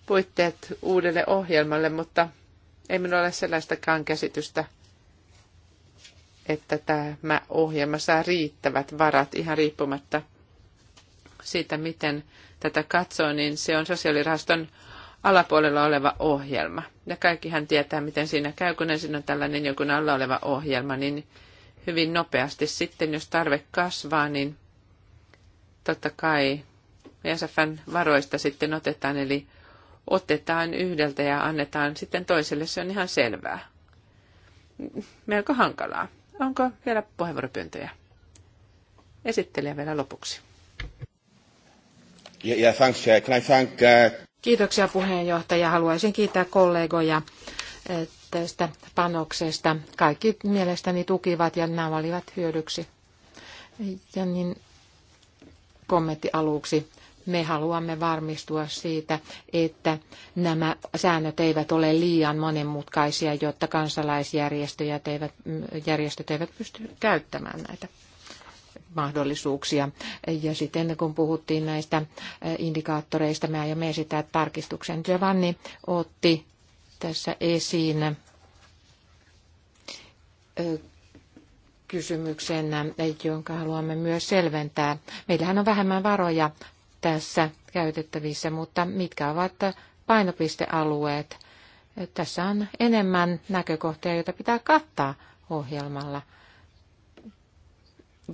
puitteet uudelle ohjelmalle, mutta ei minulla ole sellaistakaan käsitystä, että tämä ohjelma saa riittävät varat ihan riippumatta siitä, miten tätä katsoo, niin se on sosiaalirahaston alapuolella oleva ohjelma. Ja kaikkihan tietää, miten siinä käy, kun ensin on tällainen jonkun alla oleva ohjelma, niin hyvin nopeasti sitten, jos tarve kasvaa, niin totta kai ESFn varoista sitten otetaan, eli otetaan yhdeltä ja annetaan sitten toiselle, se on ihan selvää. Melko hankalaa. Onko vielä puheenvuoropyyntöjä? Esittelijä vielä lopuksi. Yeah, yeah, thanks, Can I thank, uh... Kiitoksia puheenjohtaja. Haluaisin kiittää kollegoja eh, tästä panoksesta. Kaikki mielestäni tukivat ja nämä olivat hyödyksi. Ja niin kommentti aluksi me haluamme varmistua siitä, että nämä säännöt eivät ole liian monimutkaisia, jotta kansalaisjärjestöt eivät, mm, järjestöt eivät pysty käyttämään näitä mahdollisuuksia. Ja sitten kun puhuttiin näistä eh, indikaattoreista, me aiomme esittää tarkistuksen. Giovanni otti tässä esiin eh, kysymyksen, eh, jonka haluamme myös selventää. Meillähän on vähemmän varoja tässä käytettävissä, mutta mitkä ovat painopistealueet? Tässä on enemmän näkökohtia, joita pitää kattaa ohjelmalla.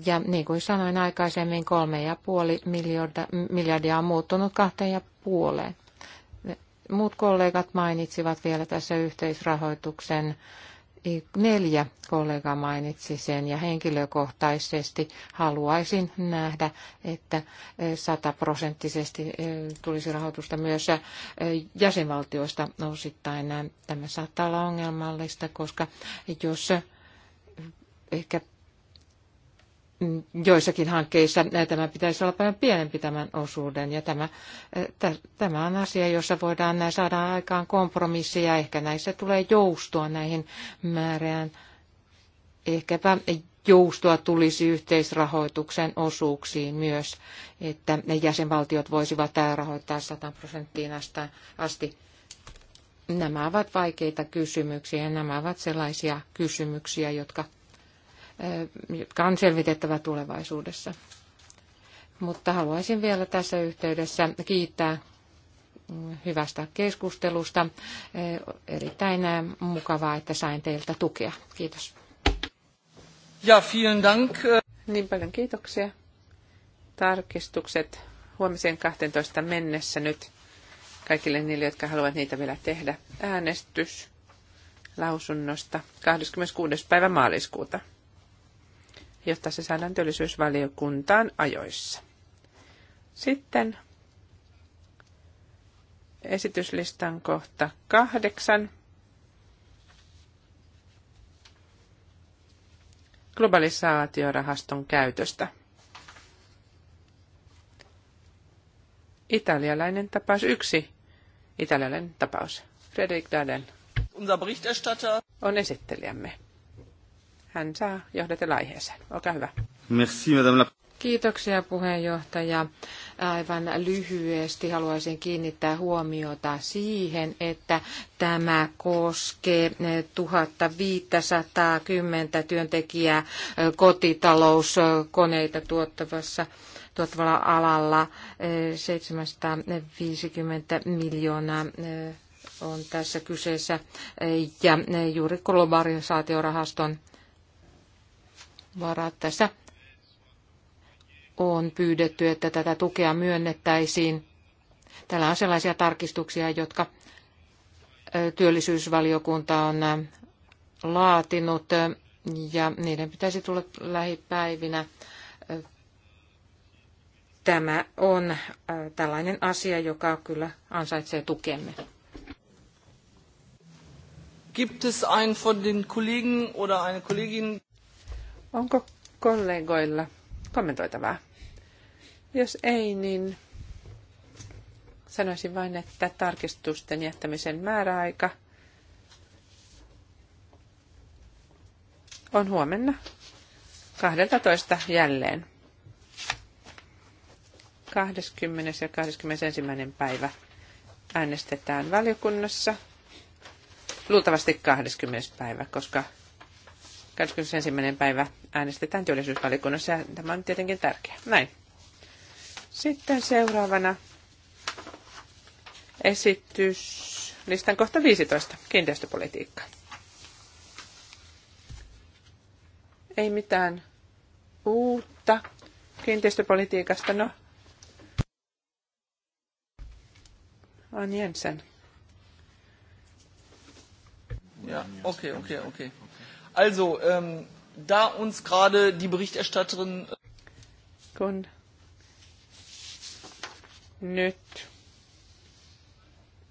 Ja niin kuin sanoin aikaisemmin, kolme ja puoli miljardia, miljardia on muuttunut kahteen ja puoleen. Muut kollegat mainitsivat vielä tässä yhteisrahoituksen neljä kollega mainitsi sen ja henkilökohtaisesti haluaisin nähdä, että sataprosenttisesti eh, tulisi rahoitusta myös eh, jäsenvaltioista osittain. Eh, tämä saattaa olla ongelmallista, koska jos ehkä Mm, joissakin hankkeissa eh, tämä pitäisi olla paljon pienempi tämän osuuden. Ja tämä, eh, tämä on asia, jossa voidaan eh, saada aikaan kompromisseja. Ehkä näissä tulee joustua näihin määrään. Ehkäpä joustoa tulisi yhteisrahoituksen osuuksiin myös, että jäsenvaltiot voisivat rahoittaa 100 prosenttiin asti. Nämä ovat vaikeita kysymyksiä ja nämä ovat sellaisia kysymyksiä, jotka jotka on selvitettävä tulevaisuudessa. Mutta haluaisin vielä tässä yhteydessä kiittää hyvästä keskustelusta. Erittäin mukavaa, että sain teiltä tukea. Kiitos. Ja, vielen dank. Niin paljon kiitoksia. Tarkistukset huomiseen 12 mennessä nyt kaikille niille, jotka haluavat niitä vielä tehdä. Äänestys lausunnosta 26. päivä maaliskuuta jotta se saadaan työllisyysvaliokuntaan ajoissa. Sitten esityslistan kohta kahdeksan. globalisaatiorahaston käytöstä. Italialainen tapaus yksi. Italialainen tapaus. Fredrik Daden. Unser Berichterstatter on esittelijämme hän saa johdatella aiheeseen. Olkaa hyvä. Merci, madame la... Kiitoksia puheenjohtaja. Aivan lyhyesti haluaisin kiinnittää huomiota siihen, että tämä koskee 1510 työntekijää kotitalouskoneita tuottavassa tuottavalla alalla 750 miljoonaa eh, on tässä kyseessä ja eh, juuri globalisaatiorahaston varat. Tässä on pyydetty, että tätä tukea myönnettäisiin. Täällä on sellaisia tarkistuksia, jotka työllisyysvaliokunta on laatinut ja niiden pitäisi tulla lähipäivinä. Tämä on tällainen asia, joka kyllä ansaitsee tukemme. Gibt es einen von den Kollegen oder eine Kollegin? Onko kollegoilla kommentoitavaa? Jos ei, niin sanoisin vain, että tarkistusten jättämisen määräaika on huomenna 12 jälleen. 20. ja 21. päivä äänestetään valiokunnassa. Luultavasti 20. päivä, koska 21. päivä äänestetään työllisyysvalikunnassa ja tämä on tietenkin tärkeä. Näin. Sitten seuraavana esitys listan kohta 15, kiinteistöpolitiikka. Ei mitään uutta kiinteistöpolitiikasta, no. On Jensen. Ja, okei, okay, okei, okay, okei. Okay. Also, ähm, da uns gerade die Berichterstatterin. Äh, Kun nyt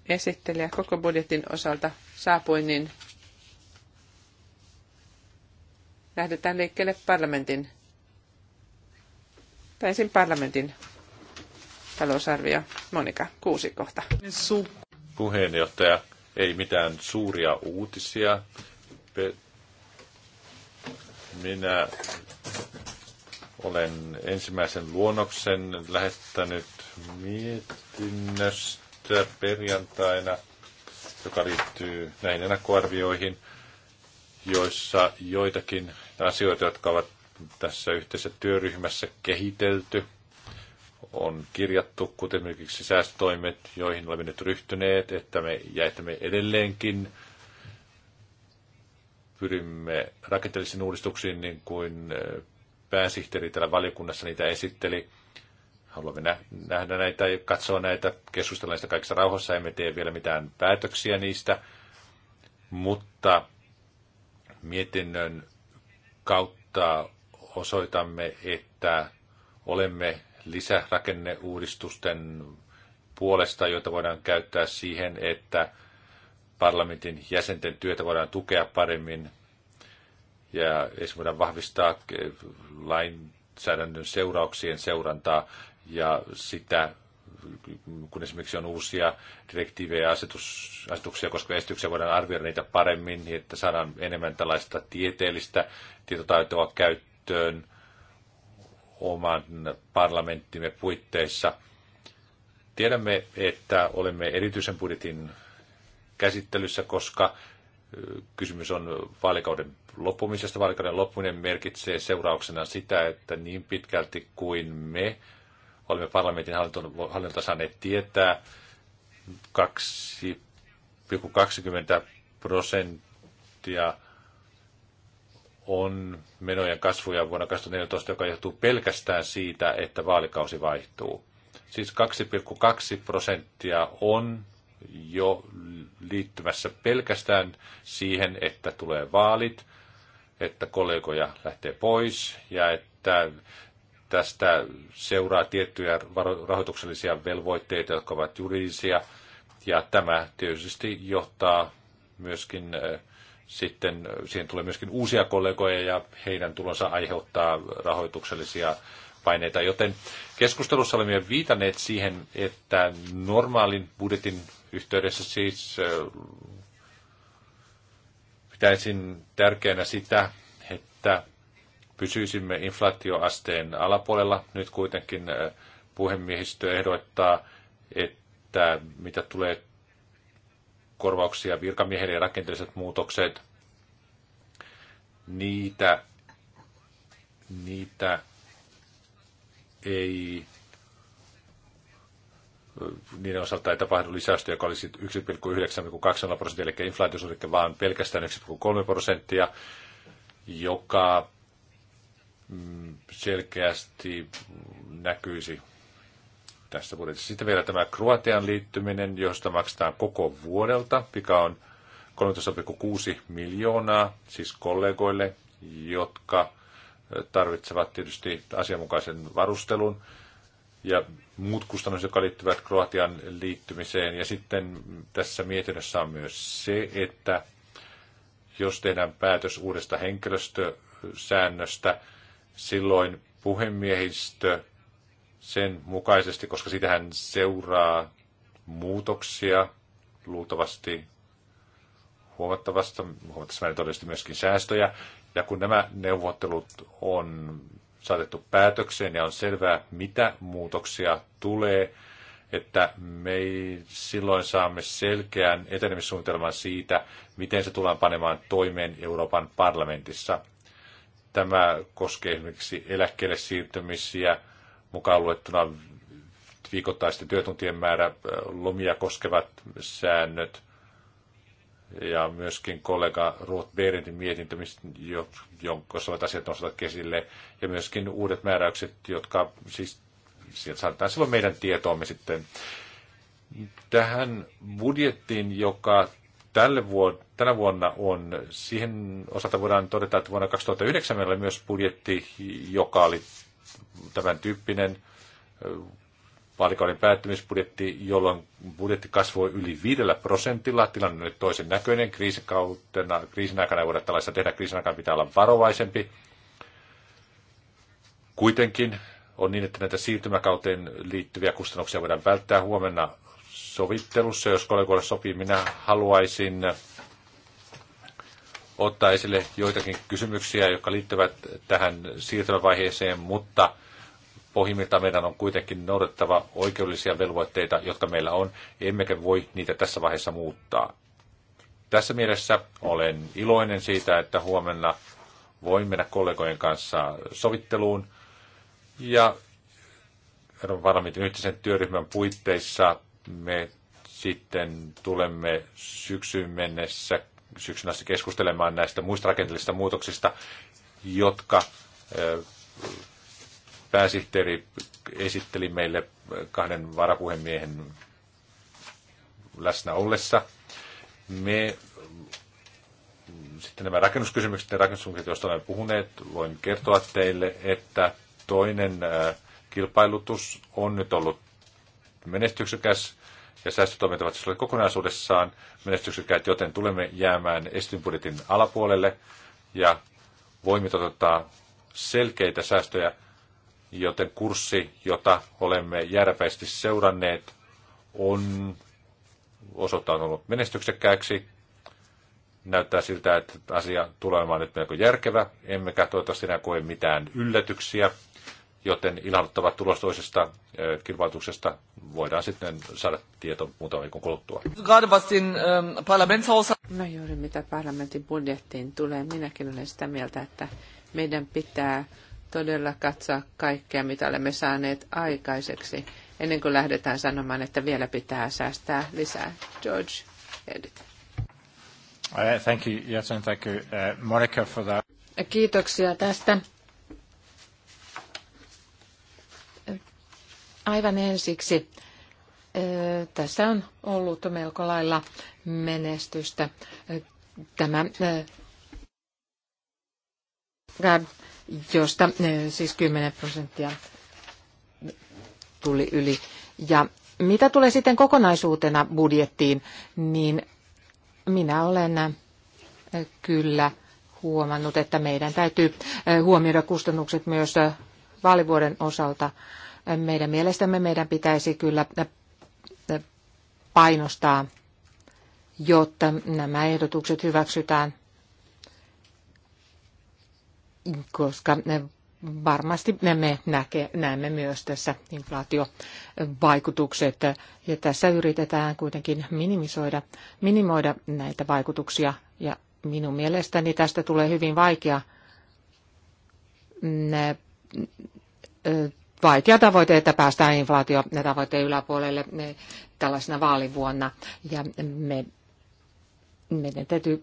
esittelijä koko budjetin osalta saapui, niin lähdetään liikkeelle parlamentin, tai ensin parlamentin talousarvio. Monika, kuusi kohta. Puheenjohtaja, ei mitään suuria uutisia. Minä olen ensimmäisen luonnoksen lähettänyt mietinnöstä perjantaina, joka liittyy näihin ennakkoarvioihin, joissa joitakin asioita, jotka ovat tässä yhteisessä työryhmässä kehitelty, on kirjattu, kuten esimerkiksi säästötoimet, joihin olemme nyt ryhtyneet, että me, ja että me edelleenkin pyrimme rakenteellisiin uudistuksiin, niin kuin pääsihteeri täällä valiokunnassa niitä esitteli. Haluamme nähdä näitä ja katsoa näitä, keskustella näistä kaikissa rauhassa. Emme tee vielä mitään päätöksiä niistä, mutta mietinnön kautta osoitamme, että olemme lisärakenneuudistusten puolesta, joita voidaan käyttää siihen, että parlamentin jäsenten työtä voidaan tukea paremmin ja esimerkiksi voidaan vahvistaa eh, lainsäädännön seurauksien seurantaa ja sitä, kun esimerkiksi on uusia direktiivejä ja asetus, asetuksia koska esityksiä, voidaan arvioida niitä paremmin, niin että saadaan enemmän tällaista tieteellistä tietotaitoa käyttöön oman parlamenttimme puitteissa. Tiedämme, että olemme erityisen budjetin käsittelyssä, koska kysymys on vaalikauden loppumisesta. Vaalikauden loppuminen merkitsee seurauksena sitä, että niin pitkälti kuin me olemme parlamentin hallinnolta saaneet tietää, 2,20 prosenttia on menojen kasvuja vuonna 2014, joka johtuu pelkästään siitä, että vaalikausi vaihtuu. Siis 2,2 prosenttia on jo liittymässä pelkästään siihen, että tulee vaalit, että kollegoja lähtee pois ja että tästä seuraa tiettyjä rahoituksellisia velvoitteita, jotka ovat juridisia. Ja tämä tietysti johtaa myöskin äh, sitten, siihen tulee myöskin uusia kollegoja ja heidän tulonsa aiheuttaa rahoituksellisia paineita. Joten keskustelussa olemme viitanneet siihen, että normaalin budjetin yhteydessä siis äh, pitäisin tärkeänä sitä, että pysyisimme inflaatioasteen alapuolella. Nyt kuitenkin äh, puhemiehistö ehdottaa, että mitä tulee korvauksia virkamiehille ja rakenteelliset muutokset, niitä, niitä ei niiden osalta ei tapahdu lisäystä, joka olisi 1,9-2 prosenttia, eli inflaatiosuhde vaan pelkästään 1,3 prosenttia, joka mm, selkeästi näkyisi tässä budjetissa. Sitten vielä tämä Kroatian liittyminen, josta maksetaan koko vuodelta, mikä on 13,6 miljoonaa, siis kollegoille, jotka tarvitsevat tietysti asianmukaisen varustelun ja muut kustannukset, jotka liittyvät Kroatian liittymiseen. Ja sitten tässä mietinnössä on myös se, että jos tehdään päätös uudesta henkilöstösäännöstä, silloin puhemiehistö sen mukaisesti, koska sitähän seuraa muutoksia luultavasti huomattavasti, huomattavasti todellisesti myöskin säästöjä. Ja kun nämä neuvottelut on saatettu päätökseen ja on selvää, mitä muutoksia tulee, että me silloin saamme selkeän etenemissuunnitelman siitä, miten se tullaan panemaan toimeen Euroopan parlamentissa. Tämä koskee esimerkiksi eläkkeelle siirtymisiä, mukaan luettuna viikoittaisten työtuntien määrä, lomia koskevat säännöt, ja myöskin kollega Ruot Berendin mietintö, jonka ovat asiat nostavat esille, ja myöskin uudet määräykset, jotka siis sieltä saadaan silloin meidän tietoomme sitten tähän budjettiin, joka tälle vuod- tänä vuonna on, siihen osalta voidaan todeta, että vuonna 2009 meillä oli myös budjetti, joka oli tämän tyyppinen vaalikauden päättymisbudjetti, jolloin budjetti kasvoi yli viidellä prosentilla. Tilanne on nyt toisen näköinen. Kriisikautena, kriisin aikana ei voida tällaista tehdä. Kriisin aikana pitää olla varovaisempi. Kuitenkin on niin, että näitä siirtymäkauteen liittyviä kustannuksia voidaan välttää huomenna sovittelussa. Jos kollegoille sopii, minä haluaisin ottaa esille joitakin kysymyksiä, jotka liittyvät tähän siirtymävaiheeseen, mutta – pohjimmiltaan meidän on kuitenkin noudattava oikeudellisia velvoitteita, jotka meillä on, emmekä voi niitä tässä vaiheessa muuttaa. Tässä mielessä olen iloinen siitä, että huomenna voin mennä kollegojen kanssa sovitteluun ja varmasti yhteisen työryhmän puitteissa me sitten tulemme syksyyn mennessä syksyn asti keskustelemaan näistä muista rakenteellisista muutoksista, jotka pääsihteeri esitteli meille kahden varapuhemiehen läsnä ollessa. Me sitten nämä rakennuskysymykset ja rakennuskysymykset, joista olemme puhuneet, voin kertoa teille, että toinen äh, kilpailutus on nyt ollut menestyksekäs ja säästötoimet ovat siis kokonaisuudessaan menestyksekäät, joten tulemme jäämään esityn alapuolelle ja voimme toteuttaa selkeitä säästöjä joten kurssi, jota olemme järpeästi seuranneet, on osoittanut menestyksekkääksi. Näyttää siltä, että asia tulee olemaan nyt melko järkevä, emmekä toivottavasti enää koe mitään yllätyksiä, joten ilahduttava tulos toisesta kilpailutuksesta voidaan sitten saada tieto muutaman viikon kuluttua. Ähm, no juuri mitä parlamentin budjettiin tulee, minäkin olen sitä mieltä, että meidän pitää todella katsoa kaikkea, mitä olemme saaneet aikaiseksi, ennen kuin lähdetään sanomaan, että vielä pitää säästää lisää. George, edit. Uh, thank you, yes, thank you, uh, Monica, for that. Kiitoksia tästä. Aivan ensiksi. Uh, tässä on ollut melko lailla menestystä. Tämä josta eh, siis 10 prosenttia tuli yli. Ja mitä tulee sitten kokonaisuutena budjettiin, niin minä olen eh, kyllä huomannut, että meidän täytyy eh, huomioida kustannukset myös vaalivuoden osalta. Meidän mielestämme meidän pitäisi kyllä painostaa, jotta nämä ehdotukset hyväksytään koska varmasti me näke, näemme myös tässä inflaatiovaikutukset. Ja tässä yritetään kuitenkin minimisoida, minimoida näitä vaikutuksia. Ja minun mielestäni tästä tulee hyvin vaikea, vaikea tavoite, että päästään inflaatiotavoitteen yläpuolelle tällaisena vaalivuonna. Ja me, meidän täytyy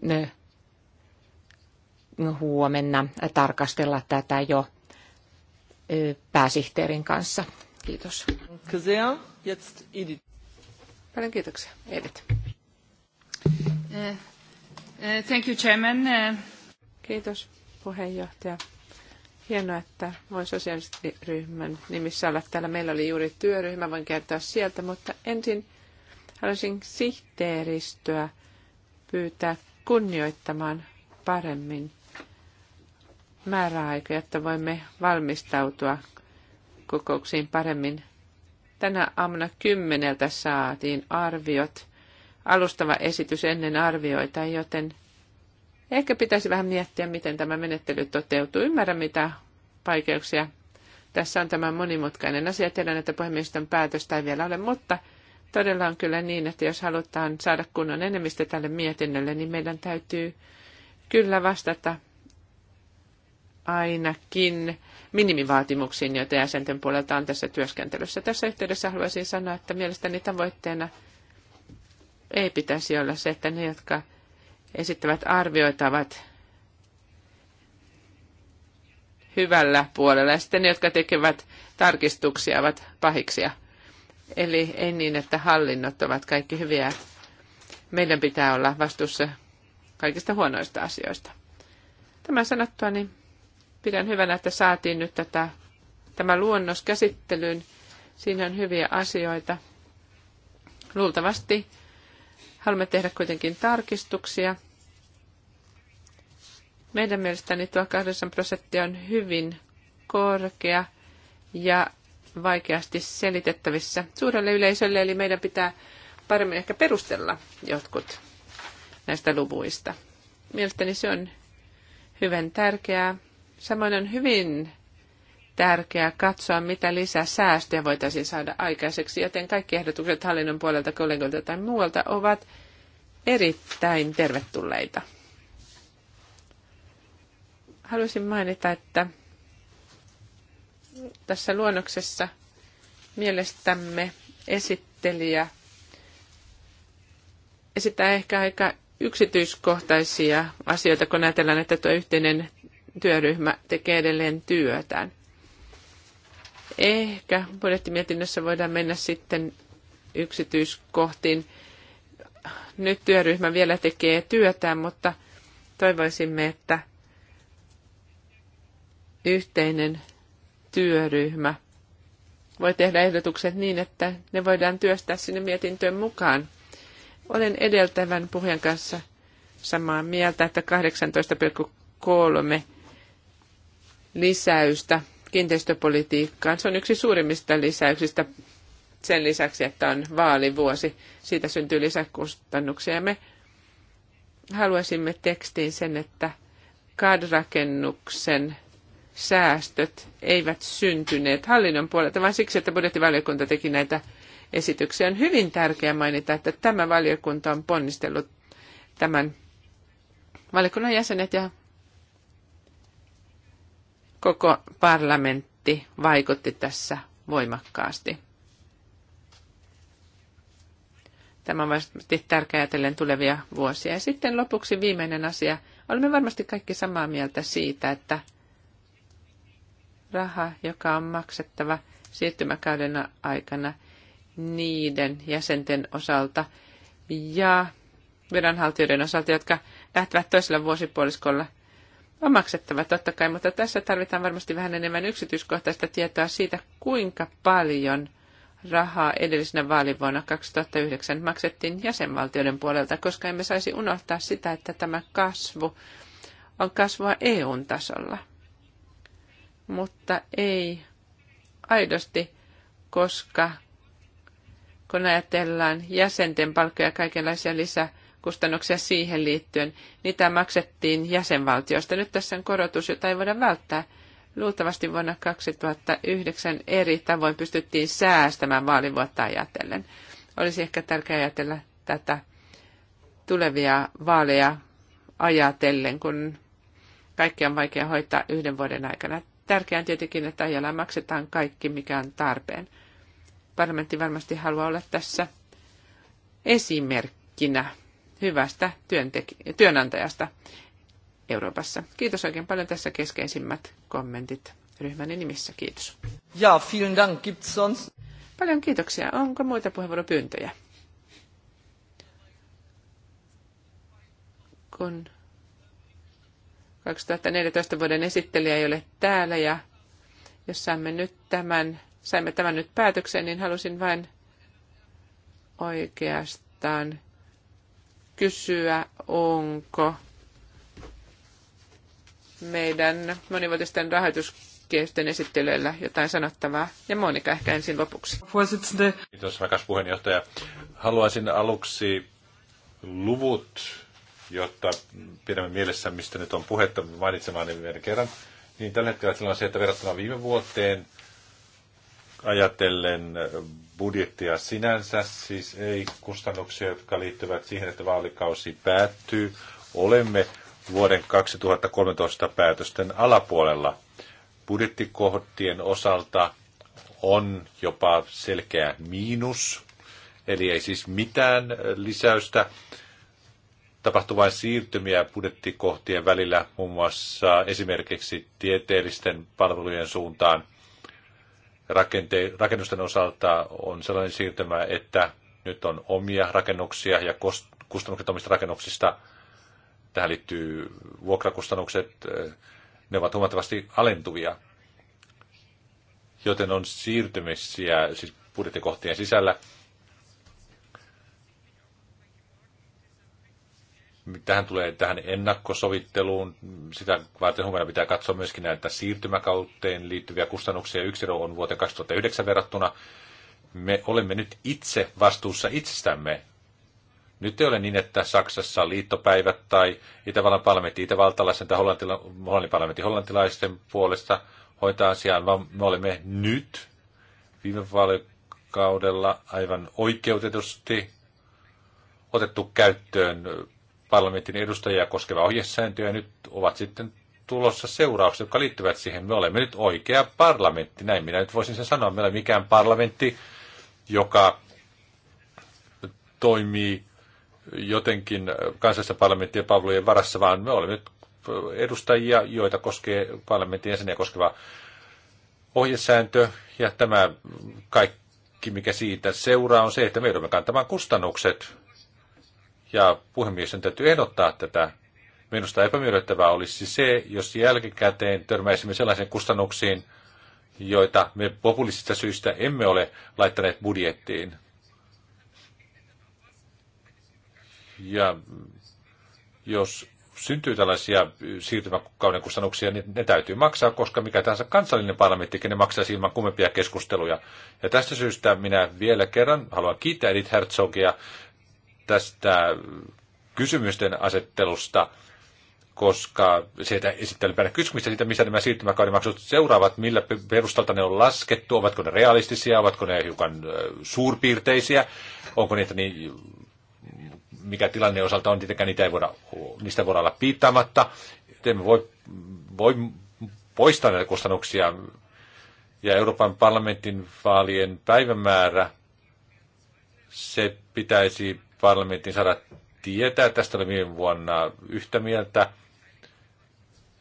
huomenna tarkastella tätä jo pääsihteerin kanssa. Kiitos. Paljon kiitoksia. Edith. Eh, eh, thank you, Chairman. Eh. Kiitos puheenjohtaja. Hienoa, että voin sosiaaliryhmän nimissä olla täällä. Meillä oli juuri työryhmä, voin kertoa sieltä, mutta ensin haluaisin sihteeristöä pyytää kunnioittamaan paremmin määräaika, jotta voimme valmistautua kokouksiin paremmin. Tänä aamuna kymmeneltä saatiin arviot, alustava esitys ennen arvioita, joten ehkä pitäisi vähän miettiä, miten tämä menettely toteutuu. Ymmärrän, mitä vaikeuksia tässä on tämä monimutkainen asia. Tiedän, että puhemiesten päätöstä ei vielä ole, mutta todella on kyllä niin, että jos halutaan saada kunnon enemmistö tälle mietinnölle, niin meidän täytyy kyllä vastata ainakin minimivaatimuksiin, joita jäsenten puolelta on tässä työskentelyssä. Tässä yhteydessä haluaisin sanoa, että mielestäni tavoitteena ei pitäisi olla se, että ne, jotka esittävät arvioita, ovat hyvällä puolella ja sitten ne, jotka tekevät tarkistuksia, ovat pahiksia. Eli ei niin, että hallinnot ovat kaikki hyviä. Meidän pitää olla vastuussa kaikista huonoista asioista. Tämä sanottua, niin Pidän hyvänä, että saatiin nyt tätä, tämä luonnos käsittelyyn. Siinä on hyviä asioita. Luultavasti haluamme tehdä kuitenkin tarkistuksia. Meidän mielestäni tuo 8 prosenttia on hyvin korkea ja vaikeasti selitettävissä suurelle yleisölle, eli meidän pitää paremmin ehkä perustella jotkut näistä luvuista. Mielestäni se on hyvin tärkeää. Samoin on hyvin tärkeää katsoa, mitä lisää säästöjä voitaisiin saada aikaiseksi, joten kaikki ehdotukset hallinnon puolelta, kollegoilta tai muualta ovat erittäin tervetulleita. Haluaisin mainita, että tässä luonnoksessa mielestämme esittelijä esittää ehkä aika yksityiskohtaisia asioita, kun ajatellaan, että tuo yhteinen työryhmä tekee edelleen työtään. Ehkä budjettimietinnössä voidaan mennä sitten yksityiskohtiin. Nyt työryhmä vielä tekee työtään, mutta toivoisimme, että yhteinen työryhmä voi tehdä ehdotukset niin, että ne voidaan työstää sinne mietintöön mukaan. Olen edeltävän puhujan kanssa samaa mieltä, että 18,3 lisäystä kiinteistöpolitiikkaan. Se on yksi suurimmista lisäyksistä sen lisäksi, että on vaalivuosi. Siitä syntyy lisäkustannuksia. me haluaisimme tekstiin sen, että kadrakennuksen säästöt eivät syntyneet hallinnon puolelta, vaan siksi, että budjettivaliokunta teki näitä esityksiä. On hyvin tärkeää mainita, että tämä valiokunta on ponnistellut tämän valiokunnan jäsenet ja Koko parlamentti vaikutti tässä voimakkaasti. Tämä on varmasti tärkeää ajatellen tulevia vuosia. Ja sitten lopuksi viimeinen asia. Olemme varmasti kaikki samaa mieltä siitä, että raha, joka on maksettava siirtymäkauden aikana niiden jäsenten osalta ja viranhaltijoiden osalta, jotka lähtevät toisella vuosipuoliskolla on maksettava totta kai, mutta tässä tarvitaan varmasti vähän enemmän yksityiskohtaista tietoa siitä, kuinka paljon rahaa edellisenä vaalivuonna 2009 maksettiin jäsenvaltioiden puolelta, koska emme saisi unohtaa sitä, että tämä kasvu on kasvua EUn tasolla, mutta ei aidosti, koska kun ajatellaan jäsenten palkkoja ja kaikenlaisia lisää kustannuksia siihen liittyen. Niitä maksettiin jäsenvaltioista. Nyt tässä on korotus, jota ei voida välttää. Luultavasti vuonna 2009 eri tavoin pystyttiin säästämään vaalivuotta ajatellen. Olisi ehkä tärkeää ajatella tätä tulevia vaaleja ajatellen, kun kaikki on vaikea hoitaa yhden vuoden aikana. Tärkeää on tietenkin, että ajalla maksetaan kaikki, mikä on tarpeen. Parlamentti varmasti haluaa olla tässä esimerkkinä hyvästä työntek- työnantajasta Euroopassa. Kiitos oikein paljon tässä keskeisimmät kommentit ryhmäni nimissä. Kiitos. Ja, vielen dank. Gibt's sonst... Paljon kiitoksia. Onko muita puheenvuoropyyntöjä? Kun 2014 vuoden esittelijä ei ole täällä ja jos saamme nyt tämän, saimme tämän nyt päätökseen, niin halusin vain oikeastaan kysyä, onko meidän monivuotisten rahoituskehysten esittelyillä jotain sanottavaa. Ja Monika ehkä ensin lopuksi. Kiitos rakas puheenjohtaja. Haluaisin aluksi luvut, jotta pidämme mielessä, mistä nyt on puhetta mainitsemaan niin vielä kerran. Niin tällä hetkellä tilanne on se, että verrattuna viime vuoteen ajatellen budjettia sinänsä, siis ei kustannuksia, jotka liittyvät siihen, että vaalikausi päättyy. Olemme vuoden 2013 päätösten alapuolella. Budjettikohtien osalta on jopa selkeä miinus, eli ei siis mitään lisäystä. Tapahtuu vain siirtymiä budjettikohtien välillä, muun muassa esimerkiksi tieteellisten palvelujen suuntaan – rakente- rakennusten osalta on sellainen siirtymä, että nyt on omia rakennuksia ja kustannukset omista rakennuksista. Tähän liittyy vuokrakustannukset, eh, ne ovat huomattavasti alentuvia. Joten on siirtymisiä siis budjettikohtien sisällä, tähän tulee tähän ennakkosovitteluun. Sitä varten huomenna pitää katsoa myöskin näitä siirtymäkauteen liittyviä kustannuksia. Yksi ero on vuoteen 2009 verrattuna. Me olemme nyt itse vastuussa itsestämme. Nyt ei ole niin, että Saksassa liittopäivät tai Itävallan parlamentti itävaltalaisen tai hollantila, hollannin parlamentti hollantilaisten puolesta hoitaa asiaa, vaan me olemme nyt viime vaalikaudella aivan oikeutetusti otettu käyttöön parlamentin edustajia koskeva ohjesääntö ja nyt ovat sitten tulossa seuraukset, jotka liittyvät siihen. Me olemme nyt oikea parlamentti, näin minä nyt voisin sen sanoa. Me olemme mikään parlamentti, joka toimii jotenkin kansallisessa parlamenttien palvelujen varassa, vaan me olemme nyt edustajia, joita koskee parlamentin jäseniä koskeva ohjesääntö, ja tämä kaikki, mikä siitä seuraa, on se, että me joudumme kantamaan kustannukset ja puhemies on täytyy ehdottaa tätä. Minusta epämiellyttävää olisi se, jos jälkikäteen törmäisimme sellaisiin kustannuksiin, joita me populistista syistä emme ole laittaneet budjettiin. Ja jos syntyy tällaisia siirtymäkauden kustannuksia, niin ne täytyy maksaa, koska mikä tahansa kansallinen parlamentti, ne maksaisi ilman kummempia keskusteluja. Ja tästä syystä minä vielä kerran haluan kiittää Edith Herzogia tästä kysymysten asettelusta, koska sieltä esittelypäivänä kysymystä siitä, missä nämä siirtymäkauden maksut seuraavat, millä perustalta ne on laskettu, ovatko ne realistisia, ovatko ne hiukan suurpiirteisiä, onko niitä niin, mikä tilanne osalta on, tietenkään niitä ei voida, niistä voida olla piittaamatta. Emme voi, voi poistaa näitä kustannuksia. Ja Euroopan parlamentin vaalien päivämäärä, se pitäisi parlamentin saada tietää. Tästä oli viime vuonna yhtä mieltä.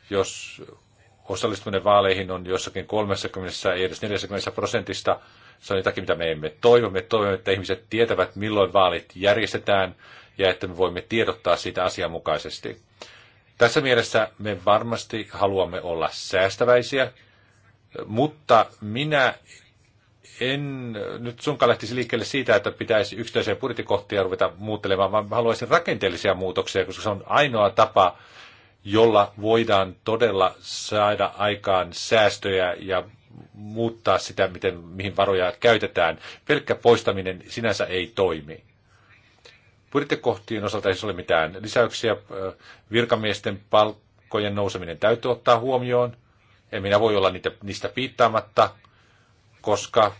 Jos osallistuminen vaaleihin on jossakin 30 ei edes 40 prosentista, se on jotakin, mitä me emme toivo. Me toivomme, että ihmiset tietävät, milloin vaalit järjestetään ja että me voimme tiedottaa siitä asianmukaisesti. Tässä mielessä me varmasti haluamme olla säästäväisiä, mutta minä en nyt sunkaan lähtisi liikkeelle siitä, että pitäisi yksittäisiä budjettikohtia ruveta muuttelemaan, vaan haluaisin rakenteellisia muutoksia, koska se on ainoa tapa, jolla voidaan todella saada aikaan säästöjä ja muuttaa sitä, miten, mihin varoja käytetään. Pelkkä poistaminen sinänsä ei toimi. Budjettikohtien osalta ei ole mitään lisäyksiä. Virkamiesten palkkojen nouseminen täytyy ottaa huomioon. En minä voi olla niitä, niistä piittaamatta koska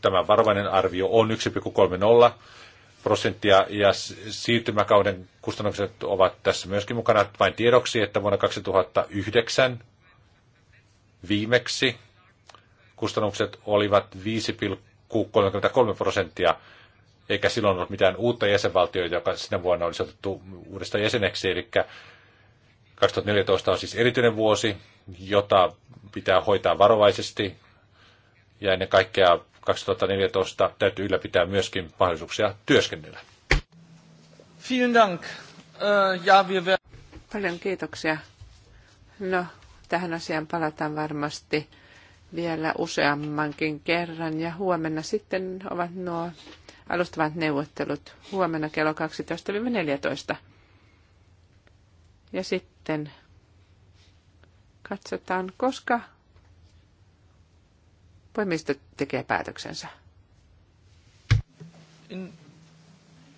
tämä varovainen arvio on 1,30 prosenttia ja siirtymäkauden kustannukset ovat tässä myöskin mukana vain tiedoksi, että vuonna 2009 viimeksi kustannukset olivat 5,33 prosenttia, eikä silloin ollut mitään uutta jäsenvaltioita, joka sinä vuonna olisi otettu uudesta jäseneksi, eli 2014 on siis erityinen vuosi, jota pitää hoitaa varovaisesti, ja ennen kaikkea 2014 täytyy ylläpitää myöskin mahdollisuuksia työskennellä. Vielen dank. Äh, ja, wir Paljon kiitoksia. No, tähän asiaan palataan varmasti vielä useammankin kerran ja huomenna sitten ovat nuo alustavat neuvottelut huomenna kello 12-14. Ja sitten katsotaan, koska Poimisto tekee päätöksensä.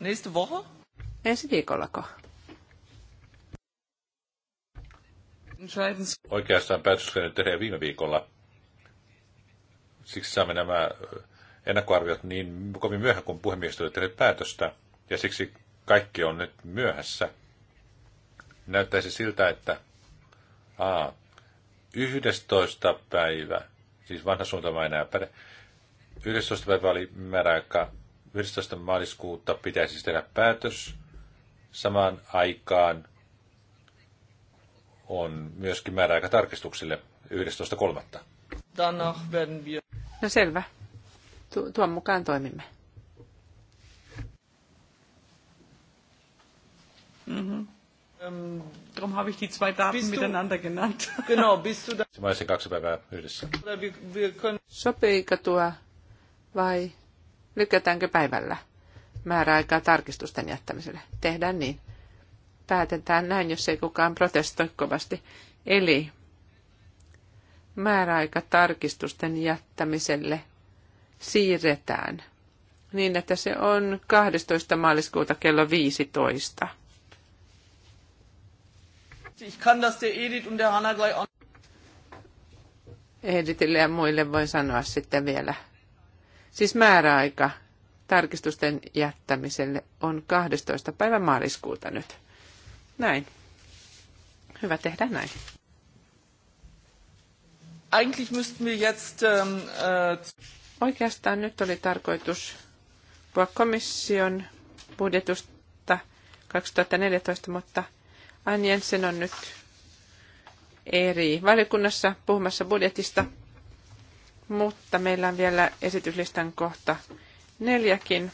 Neste vuoro? Ensi viikollako? Oikeastaan päätöskone tehdään viime viikolla. Siksi saamme nämä ennakkoarviot niin kovin myöhään, kun puhemies tulee tehnyt päätöstä. Ja siksi kaikki on nyt myöhässä. Näyttäisi siltä, että a, 11. päivä siis vanha suunnitelma enää päde. 11. päivä oli määräaika. 11. maaliskuuta pitäisi siis tehdä päätös. Samaan aikaan on myöskin määräaika tarkistuksille 11.3. No selvä. Tu- tuon mukaan toimimme. Mm-hmm. Um, Darum habe ich die zwei Daten miteinander genannt. Genau, bist du da? kaksi päivää yhdessä. Sopiiko tuo vai lykätäänkö päivällä määräaikaa tarkistusten jättämiselle? Tehdään niin. Päätetään näin, jos ei kukaan protestoi kovasti. Eli määräaika tarkistusten jättämiselle siirretään niin, että se on 12. maaliskuuta kello 15. Ich kann das der Edith und der Hanna gleich Editille ja muille voin sanoa sitten vielä. Siis määräaika tarkistusten jättämiselle on 12. päivä maaliskuuta nyt. Näin. Hyvä tehdä näin. Eigentlich müssten wir jetzt, ähm, äh... Oikeastaan nyt oli tarkoitus puhua komission budjetusta 2014, mutta Ann Jensen on nyt eri valiokunnassa puhumassa budjetista, mutta meillä on vielä esityslistan kohta neljäkin.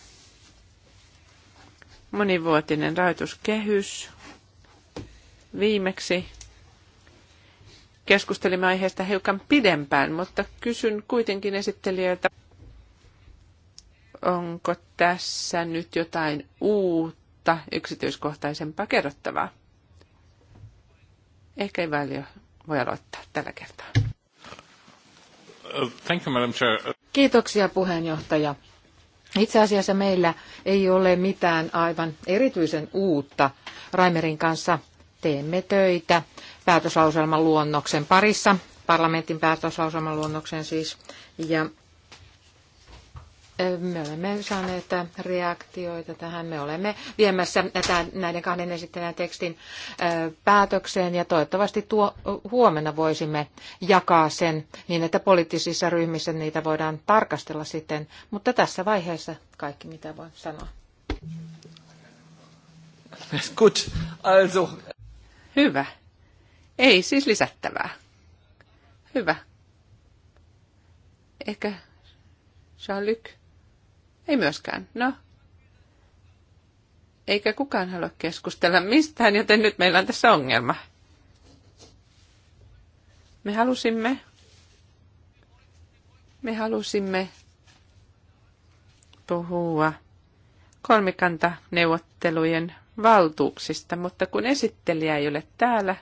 Monivuotinen rahoituskehys. Viimeksi keskustelimme aiheesta hiukan pidempään, mutta kysyn kuitenkin esittelijöiltä, onko tässä nyt jotain uutta yksityiskohtaisempaa kerrottavaa? Ehkä ei valio voi aloittaa tällä kertaa. Thank you, Madam Chair. Kiitoksia puheenjohtaja. Itse asiassa meillä ei ole mitään aivan erityisen uutta. Raimerin kanssa teemme töitä päätöslauselman luonnoksen parissa, parlamentin päätöslauselman luonnoksen siis, ja me olemme saaneet reaktioita tähän. Me olemme viemässä näiden kahden esittäjän tekstin päätökseen ja toivottavasti tuo, huomenna voisimme jakaa sen niin, että poliittisissa ryhmissä niitä voidaan tarkastella sitten. Mutta tässä vaiheessa kaikki, mitä voin sanoa. Gut, also. Hyvä. Ei siis lisättävää. Hyvä. Ehkä Jean-Luc ei myöskään. No, eikä kukaan halua keskustella mistään, joten nyt meillä on tässä ongelma. Me halusimme, me halusimme puhua kolmikanta-neuvottelujen valtuuksista, mutta kun esittelijä ei ole täällä,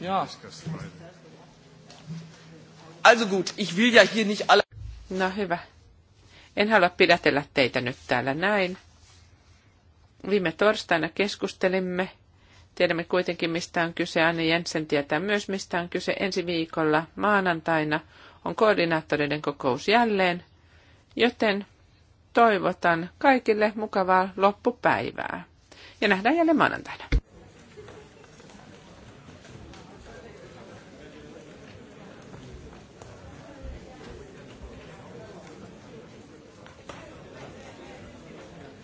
Ja. Also gut, ich will ja hier nicht alle... No hyvä. En halua pidätellä teitä nyt täällä näin. Viime torstaina keskustelimme. Tiedämme kuitenkin, mistä on kyse. Anne Jensen tietää myös, mistä on kyse. Ensi viikolla maanantaina on koordinaattoreiden kokous jälleen. Joten toivotan kaikille mukavaa loppupäivää. Ja nähdään jälleen maanantaina.